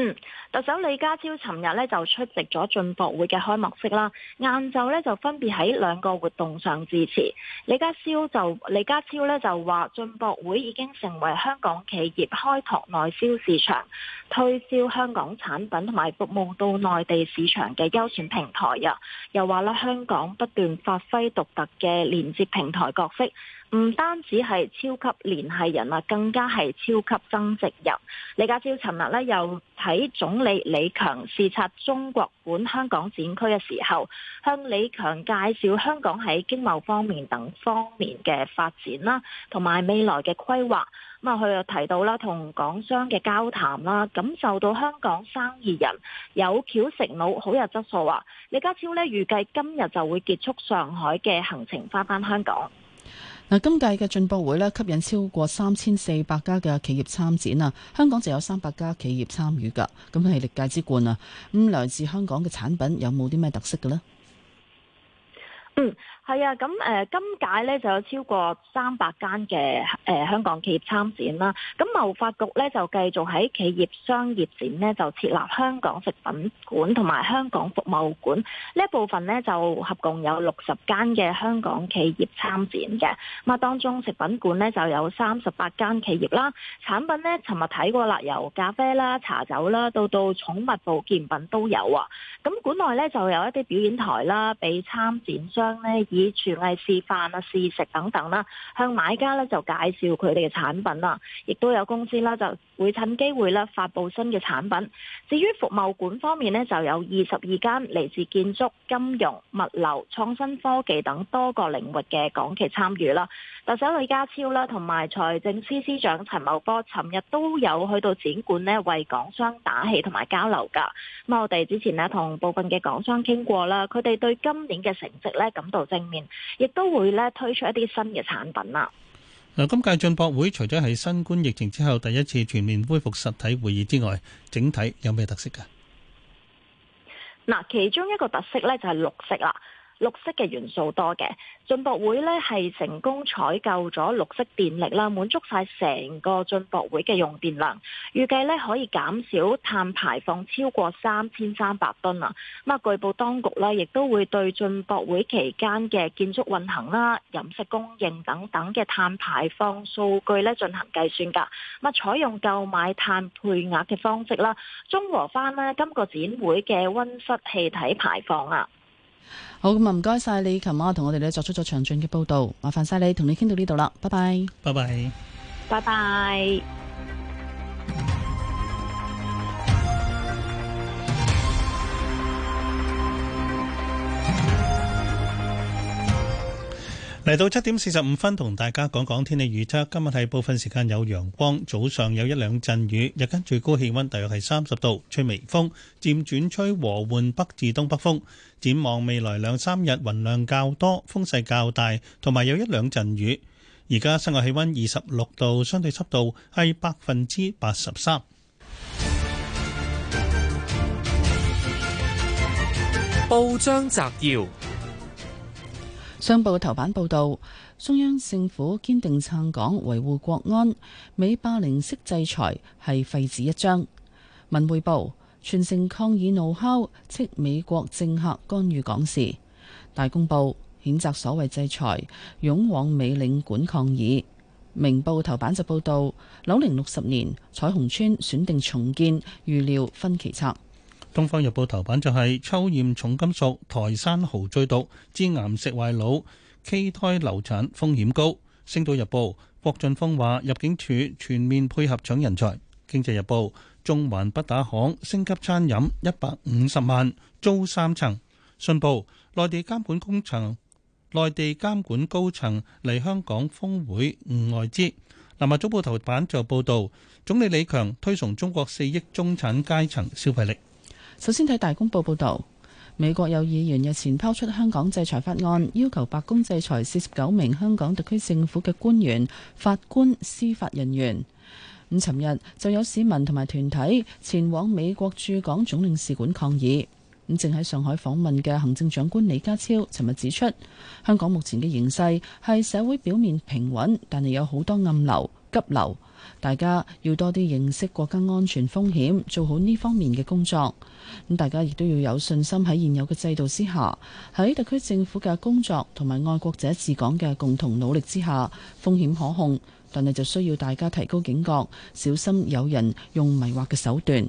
嗯，特首李家超尋日咧就出席咗進博會嘅開幕式啦。晏晝咧就分別喺兩個活動上致辭。李家超就李家超咧就話，進博會已經成為香港企業開拓內銷市場、推銷香港產品同埋服務到內地市場嘅優選平台啊。又話咧，香港不斷發揮獨特嘅連接平台角色。唔單止係超級聯繫人啊，更加係超級增值人。李家超尋日呢又喺總理李強視察中國館香港展區嘅時候，向李強介紹香港喺經貿方面等方面嘅發展啦，同埋未來嘅規劃。咁啊，佢又提到啦，同港商嘅交談啦，感受到香港生意人有橋食腦，好有質素啊。李家超呢預計今日就會結束上海嘅行程，翻返香港。
嗱，今屆嘅進博會呢，吸引超過三千四百家嘅企業參展啊，香港就有三百家企業參與噶，咁係歷屆之冠啊！咁來自香港嘅產品有冇啲咩特色嘅呢？嗯。
係啊，咁誒、嗯、今屆咧就有超過三百間嘅誒、呃、香港企業參展啦。咁、嗯、貿發局咧就繼續喺企業商業展呢就設立香港食品館同埋香港服務館。呢一部分咧就合共有六十間嘅香港企業參展嘅。咁、嗯、啊，當中食品館咧就有三十八間企業啦，產品咧尋日睇過啦，由咖啡啦、茶酒啦，到到寵物保健品都有啊。咁館內咧就有一啲表演台啦，俾參展商咧，以廚藝示範啊、試食等等啦，向買家咧就介紹佢哋嘅產品啦，亦都有公司啦就會趁機會咧發布新嘅產品。至於服貿館方面咧，就有二十二間嚟自建築、金融、物流、創新科技等多個領域嘅港企參與啦。特首李家超啦，同埋財政司司長陳茂波尋日都有去到展館咧為港商打氣同埋交流噶。咁啊，我哋之前咧同部分嘅港商傾過啦，佢哋對今年嘅成績咧感到正。亦都會咧推出一啲新嘅產品啦。
嗱，今屆進博會除咗喺新冠疫情之後第一次全面恢復實體會議之外，整體有咩特色噶？
嗱，其中一個特色咧就係綠色啦。綠色嘅元素多嘅，進博會呢，係成功採購咗綠色電力啦，滿足晒成個進博會嘅用電量，預計呢，可以減少碳排放超過三千三百噸啊！咁啊，據報當局呢，亦都會對進博會期間嘅建築運行啦、飲食供應等等嘅碳排放數據呢進行計算噶，咁啊，採用購買碳配額嘅方式啦，中和翻呢今個展會嘅溫室氣體排放啊！
好，咁啊！唔該晒你，琴晚，同我哋咧作出咗詳盡嘅報道，麻煩晒你，同你傾到呢度啦，拜拜，拜拜，
拜拜。
嚟到七點四十五分，同大家講講天氣預測。今日係部分時間有陽光，早上有一兩陣雨，日間最高氣溫大約係三十度，吹微風，漸轉吹和緩北至東北風。展望未來兩三日，雲量較多，風勢較大，同埋有一兩陣雨。而家室外氣溫二十六度，相對濕度係百分之八十三。
報章摘要。
商報頭
版報道，中央政府堅定撐港維護國安，美霸凌式制裁係廢紙一張。文匯報全城抗議怒吼，斥美國政客干預港事。大公報譴責所謂制裁，勇往美領館抗議。明報頭版就報道，樓齡
六十年彩虹村選定重建，預料分期拆。《東方日報》頭版就係抽驗重金屬，台山蠔最毒，致癌食壞腦，畸胎流產風險高。《星島日報》郭俊峰話，入境處全面配合搶人才。《經濟日報》中環畢打行，升級餐飲一百五十萬租三層。《信報》內地監管工層內地監管高層嚟香港峰會晤外資。《南華早報》頭版就報道，總理李強推崇中國四億中產階層消費力。
首先睇大公報報道，美國有議員日前拋出香港制裁法案，要求白宮制裁四十九名香港特區政府嘅官員、法官、司法人員。咁，尋日就有市民同埋團體前往美國駐港總領事館抗議。咁，正喺上海訪問嘅行政長官李家超，尋日指出，香港目前嘅形勢係社會表面平穩，但係有好多暗流、急流。大家要多啲認識國家安全風險，做好呢方面嘅工作。咁大家亦都要有信心喺現有嘅制度之下，喺特區政府嘅工作同埋愛國者治港嘅共同努力之下，風險可控。但係就需要大家提高警覺，小心有人用迷惑嘅手段。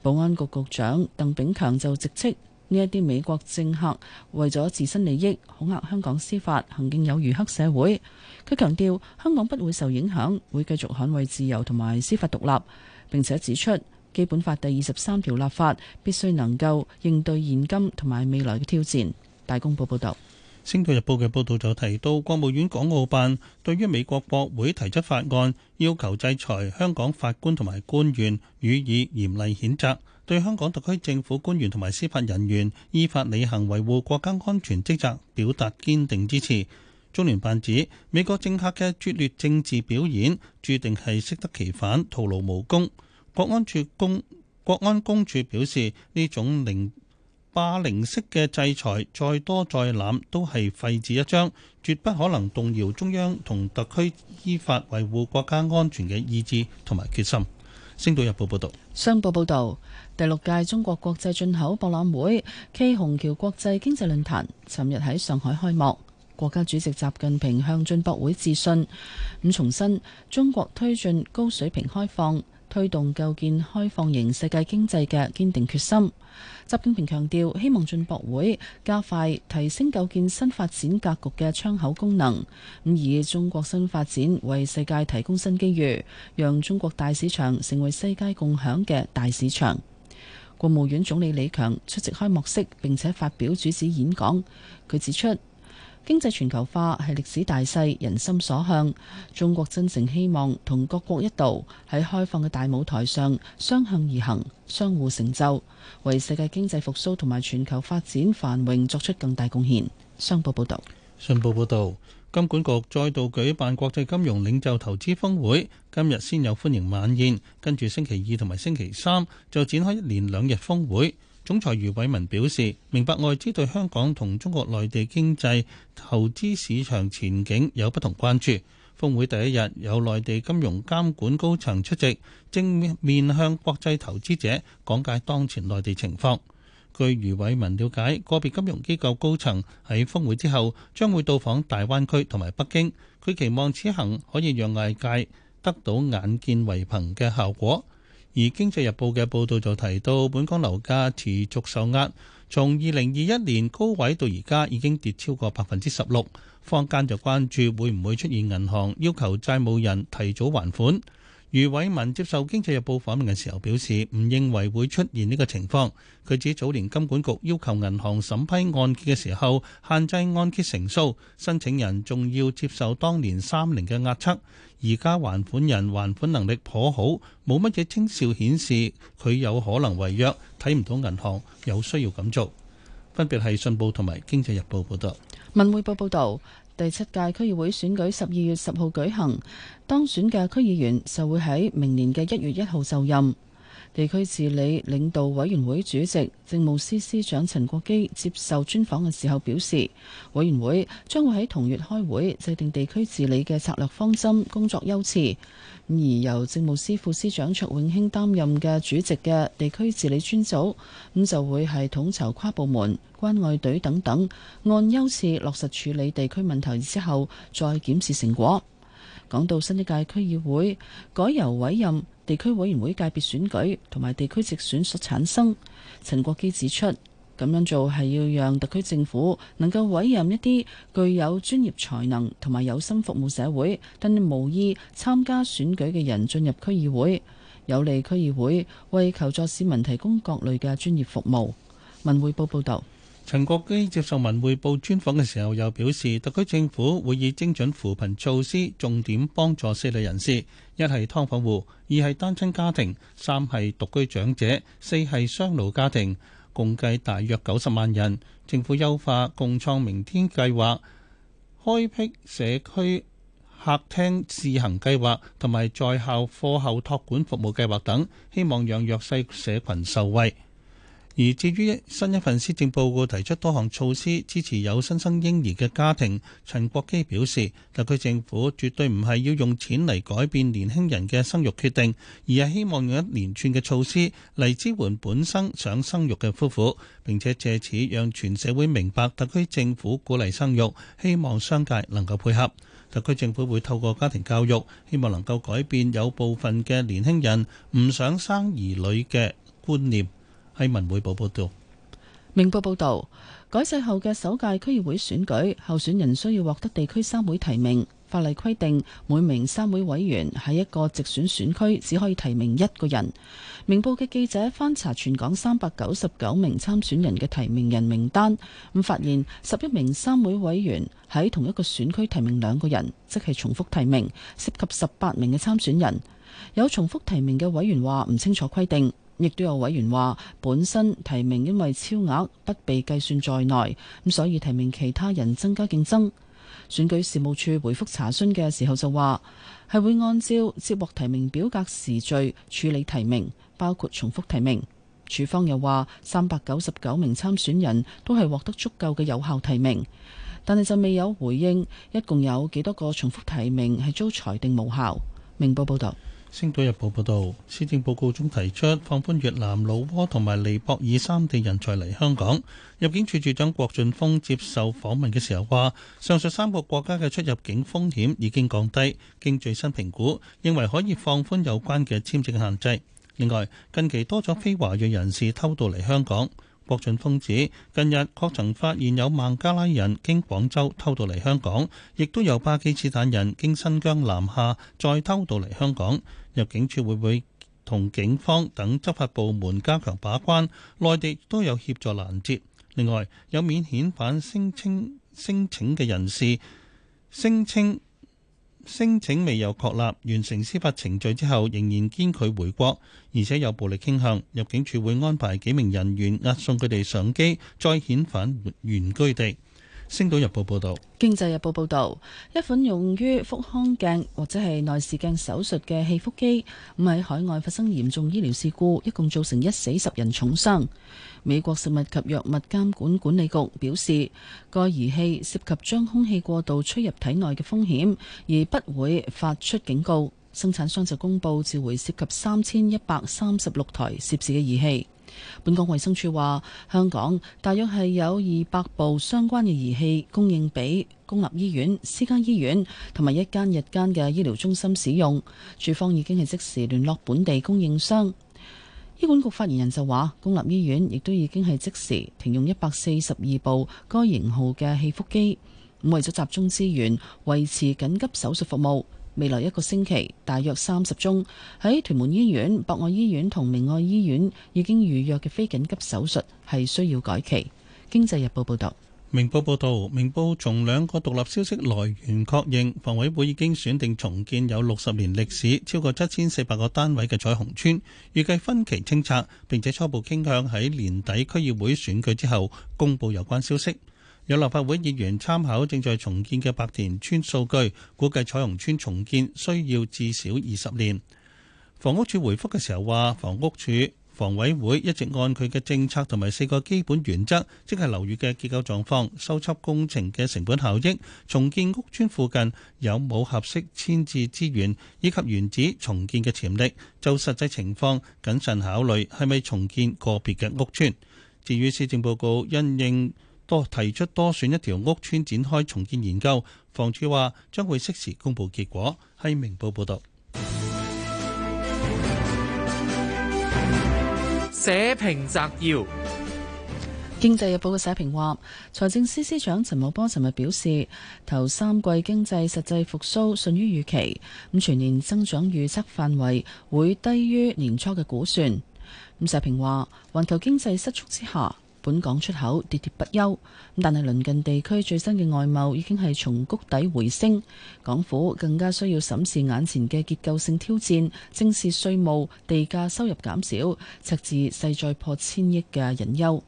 保安局局長鄧炳強就直斥。呢一啲美國政客為咗自身利益恐嚇香港司法，行徑有如黑社會。佢強調香港不會受影響，會繼續捍衞自由同埋司法獨立。並且指出《基本法》第二十三條立法必須能夠應對現今同埋未來嘅挑戰。大公報報道，
《星島日報》嘅報道就提到，國務院港澳辦對於美國國會提出法案，要求制裁香港法官同埋官員，予以嚴厲譴責。對香港特區政府官員同埋司法人員依法履行維護國家安全職責，表達堅定支持。中聯辦指，美國政客嘅拙劣政治表演，注定係適得其反、徒勞無功。國安處公國安公署表示，呢種零霸凌式嘅制裁，再多再濫都係廢紙一張，絕不可能動搖中央同特區依法維護國家安全嘅意志同埋決心。星島日報報道，商報報道，
第六屆中國國際進口博覽會暨虹橋國際經濟論壇，尋日喺上海開幕。國家主席習近平向進博會致信，咁重申中國推進高水平開放，推動構建開放型世界經濟嘅堅定決心。習近平強調，希望進博會加快提升構建新發展格局嘅窗口功能，咁以中國新發展為世界提供新機遇，讓中國大市場成為世界共享嘅大市場。國務院總理李強出席開幕式，並且發表主旨演講。佢指出，經濟全球化係歷史大勢，人心所向。中國真誠希望同各國一道喺開放嘅大舞台上相向而行，相互成就，為世界經濟復甦同埋全球發展繁榮作出更大貢獻。商報報道：「信報報
道」金管局再度舉辦國際金融領袖投資峰會，今日先有歡迎晚宴，跟住星期二同埋星期三就展開一連兩日峰會。總裁余偉文表示，明白外資對香港同中國內地經濟、投資市場前景有不同關注。峰會第一日有內地金融監管高層出席，正面向國際投資者講解當前內地情況。據余偉文了解，個別金融機構高層喺峰會之後將會到訪大灣區同埋北京。佢期望此行可以讓外界得到眼見為憑嘅效果。而《經濟日報》嘅報道就提到，本港樓價持續受壓，從二零二一年高位到而家已經跌超過百分之十六。坊間就關注會唔會出現銀行要求債務人提早還款。余偉文接受《經濟日報》訪問嘅時候表示，唔認為會出現呢個情況。佢指早年金管局要求銀行審批按揭嘅時候，限制按揭成數，申請人仲要接受當年三零嘅壓測。而家還款人還款能力頗好，冇乜嘢徵兆顯示佢有可能違約，睇唔到銀行有需要咁做。分別係《信報》同埋《經濟日報》報導。
文匯報報導，第七屆區議會選舉十二月十號舉行，當選嘅區議員就會喺明年嘅一月一號就任。地區治理領導委員會主席政務司司長陳國基接受專訪嘅時候表示，委員會將會喺同月開會制定地區治理嘅策略方針，工作優次，而由政務司副司長卓永興擔任嘅主席嘅地區治理專組，咁就會係統籌跨部門關愛隊等等，按優次落實處理地區問題之後，再檢視成果。講到新一屆區議會改由委任、地區委員會界別選舉同埋地區直選所產生，陳國基指出，咁樣做係要讓特區政府能夠委任一啲具有專業才能同埋有心服務社會，但無意參加選舉嘅人進入區議會，有利區議會為求助市民提供各類嘅專業服務。文匯報報導。
陳國基接受文匯報專訪嘅時候，又表示，特區政府會以精準扶貧措施，重點幫助四類人士：一係劏房戶，二係單親家庭，三係獨居長者，四係雙老家庭，共計大約九十萬人。政府優化共創明天計劃、開闢社區客廳試行計劃同埋在校課後託管服務計劃等，希望讓弱勢社群受惠。而至於新一份施政報告提出多項措施支持有新生嬰兒嘅家庭，陳國基表示，特區政府絕對唔係要用錢嚟改變年輕人嘅生育決定，而係希望用一連串嘅措施嚟支援本身想生育嘅夫婦，並且藉此讓全社會明白特區政府鼓勵生育，希望商界能夠配合。特區政府會透過家庭教育，希望能夠改變有部分嘅年輕人唔想生兒女嘅觀念。喺文匯報報道，
明報報道，改制後嘅首屆區議會選舉，候選人需要獲得地區三會提名。法例規定，每名三會委員喺一個直選選區只可以提名一個人。明報嘅記者翻查全港三百九十九名參選人嘅提名人名單，咁發現十一名三會委員喺同一個選區提名兩個人，即係重複提名，涉及十八名嘅參選人。有重複提名嘅委員話唔清楚規定。亦都有委員話，本身提名因為超額不被計算在內，咁所以提名其他人增加競爭。選舉事務處回覆查詢嘅時候就話，係會按照接獲提名表格時序處理提名，包括重複提名。處方又話，三百九十九名參選人都係獲得足夠嘅有效提名，但係就未有回應一共有幾多個重複提名係遭裁定無效。明報報道。
《星島日報》報導，施政報告中提出放寬越南、老撾同埋尼泊爾三地人才嚟香港。入境處處長郭俊峰接受訪問嘅時候話，上述三個國家嘅出入境風險已經降低，經最新評估，認為可以放寬有關嘅簽證限制。另外，近期多咗非華裔人士偷渡嚟香港。郭俊峰指，近日確曾發現有孟加拉人經廣州偷渡嚟香港，亦都有巴基斯坦人經新疆南下再偷渡嚟香港。入境處會唔會同警方等執法部門加強把關，內地都有協助攔截。另外，有免遣返聲稱聲請嘅人士，聲稱聲請未有確立，完成司法程序之後仍然堅拒回國，而且有暴力傾向，入境處會安排幾名人員押送佢哋上機，再遣返原居地。星島日報報道，
經濟日報報道，一款用於腹腔鏡或者係內視鏡手術嘅氣腹機，喺海外發生嚴重醫療事故，一共造成一死十人重傷。美國食物及藥物監管管理局表示，該儀器涉及將空氣過度吹入體內嘅風險，而不會發出警告。生產商就公佈召回涉及三千一百三十六台涉事嘅儀器。本港衛生署話，香港大約係有二百部相關嘅儀器供應俾公立醫院、私家醫院同埋一間日間嘅醫療中心使用。署方已經係即時聯絡本地供應商。醫管局發言人就話，公立醫院亦都已經係即時停用一百四十二部該型號嘅氣腹機，為咗集中資源維持緊急手術服務。未來一個星期，大約三十宗喺屯門醫院、博愛醫院同明愛醫院已經預約嘅非緊急手術係需要改期。經濟日報報道：
「明報報道，明報從兩個獨立消息來源確認，房委會已經選定重建有六十年歷史、超過七千四百個單位嘅彩虹邨，預計分期清拆，並且初步傾向喺年底區議會選舉之後公佈有關消息。有立法會議員參考正在重建嘅白田村數據，估計彩虹村重建需要至少二十年。房屋署回覆嘅時候話：房屋署、房委會一直按佢嘅政策同埋四個基本原則，即係樓宇嘅結構狀況、修葺工程嘅成本效益、重建屋村附近有冇合適遷置資源，以及原址重建嘅潛力，就實際情況謹慎考慮係咪重建個別嘅屋村。至於施政報告因應。哦、提出多選一條屋村展開重建研究，房署話將會適時公布結果。係明報報道。
社評摘要：
經濟日報嘅社評話，財政司司長陳茂波尋日表示，頭三季經濟實際復蘇遜於預期，咁全年增長預測範圍會低於年初嘅估算。咁社評話，環球經濟失速之下。本港出口跌跌不休，但係鄰近地區最新嘅外貿已經係從谷底回升，港府更加需要審視眼前嘅結構性挑戰，正視稅務、地價收入減少，赤字勢在破千億嘅隱憂。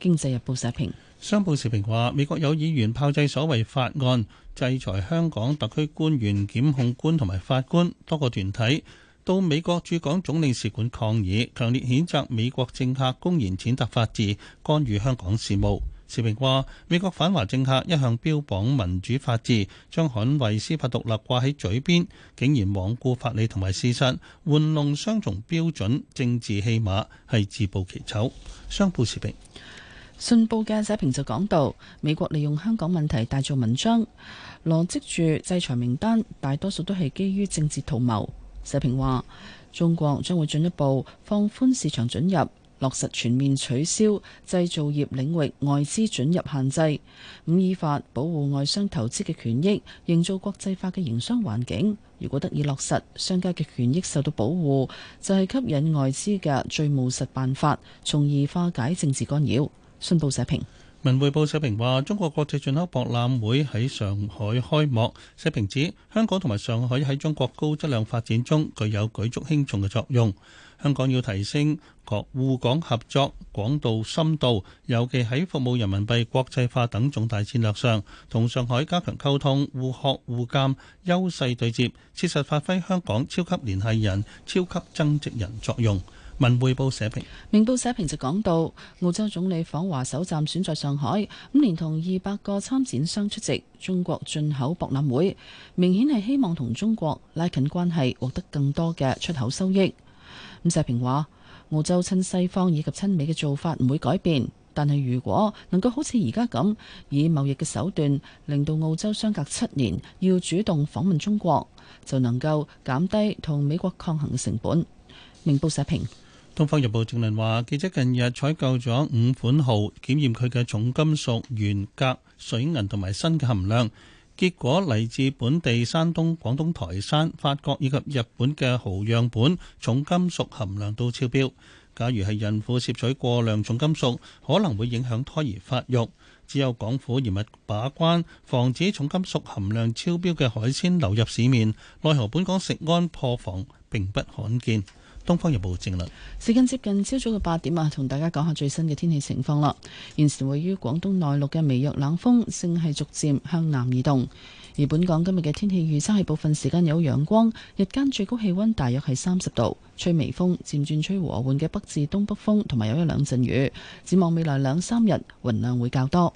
經濟日報社評，
商報時評話，美國有議員炮製所謂法案制裁香港特區官員、檢控官同埋法官多個團體。到美國駐港總領事館抗議，強烈譴責美國政客公然踐踏法治、干預香港事務。時評話：美國反華政客一向標榜民主法治，將捍衛司法獨立掛喺嘴邊，竟然罔顧法理同埋事實，玩弄雙重標準、政治戲碼，係自暴其醜。商報時評
信報嘅社評就講到：美國利用香港問題大做文章，羅織住制裁名單，大多數都係基於政治圖謀。社評話：中國將會進一步放寬市場准入，落實全面取消制造業領域外資准入限制，五依法保護外商投資嘅權益，營造國際化嘅營商環境。如果得以落實，商家嘅權益受到保護，就係、是、吸引外資嘅最務實辦法，從而化解政治干擾。信報社評。
文匯報社評話：中國國際進口博覽會喺上海開幕。社評指香港同埋上海喺中國高質量發展中具有舉足輕重嘅作用。香港要提升各滬港合作廣度深度，尤其喺服務人民幣國際化等重大戰略上，同上海加強溝通、互學互鑒、優勢對接，切實發揮香港超級聯繫人、超級增值人作用。文匯報社評，
明報社評就講到澳洲總理訪華首站選在上海，連同同二百個參展商出席中國進口博覽會，明顯係希望同中國拉近關係，獲得更多嘅出口收益。咁社評話，澳洲親西方以及親美嘅做法唔會改變，但係如果能夠好似而家咁，以貿易嘅手段令到澳洲相隔七年要主動訪問中國，就能夠減低同美國抗衡嘅成本。明報社評。
《東方日報》正論話：記者近日採購咗五款蠔，檢驗佢嘅重金屬、鉛、鎘、水銀同埋砷嘅含量。結果嚟自本地、山東、廣東、台山、法國以及日本嘅蠔樣本，重金屬含量都超標。假如係孕婦攝取過量重金屬，可能會影響胎兒發育。只有港府嚴密把關，防止重金屬含量超標嘅海鮮流入市面。奈何本港食安破防並不罕見。東方日報政論，
時間接近朝早嘅八點啊，同大家講下最新嘅天氣情況啦。現時位於廣東內陸嘅微弱冷鋒正係逐漸向南移動，而本港今日嘅天氣預測係部分時間有陽光，日間最高氣溫大約係三十度，吹微風，漸轉吹和緩嘅北至東北風，同埋有，有一兩陣雨。展望未來兩三日，雲量會較多。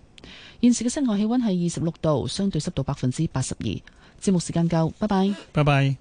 現時嘅室外氣溫係二十六度，相對濕度百分之八十二。節目時間夠，拜拜，拜拜。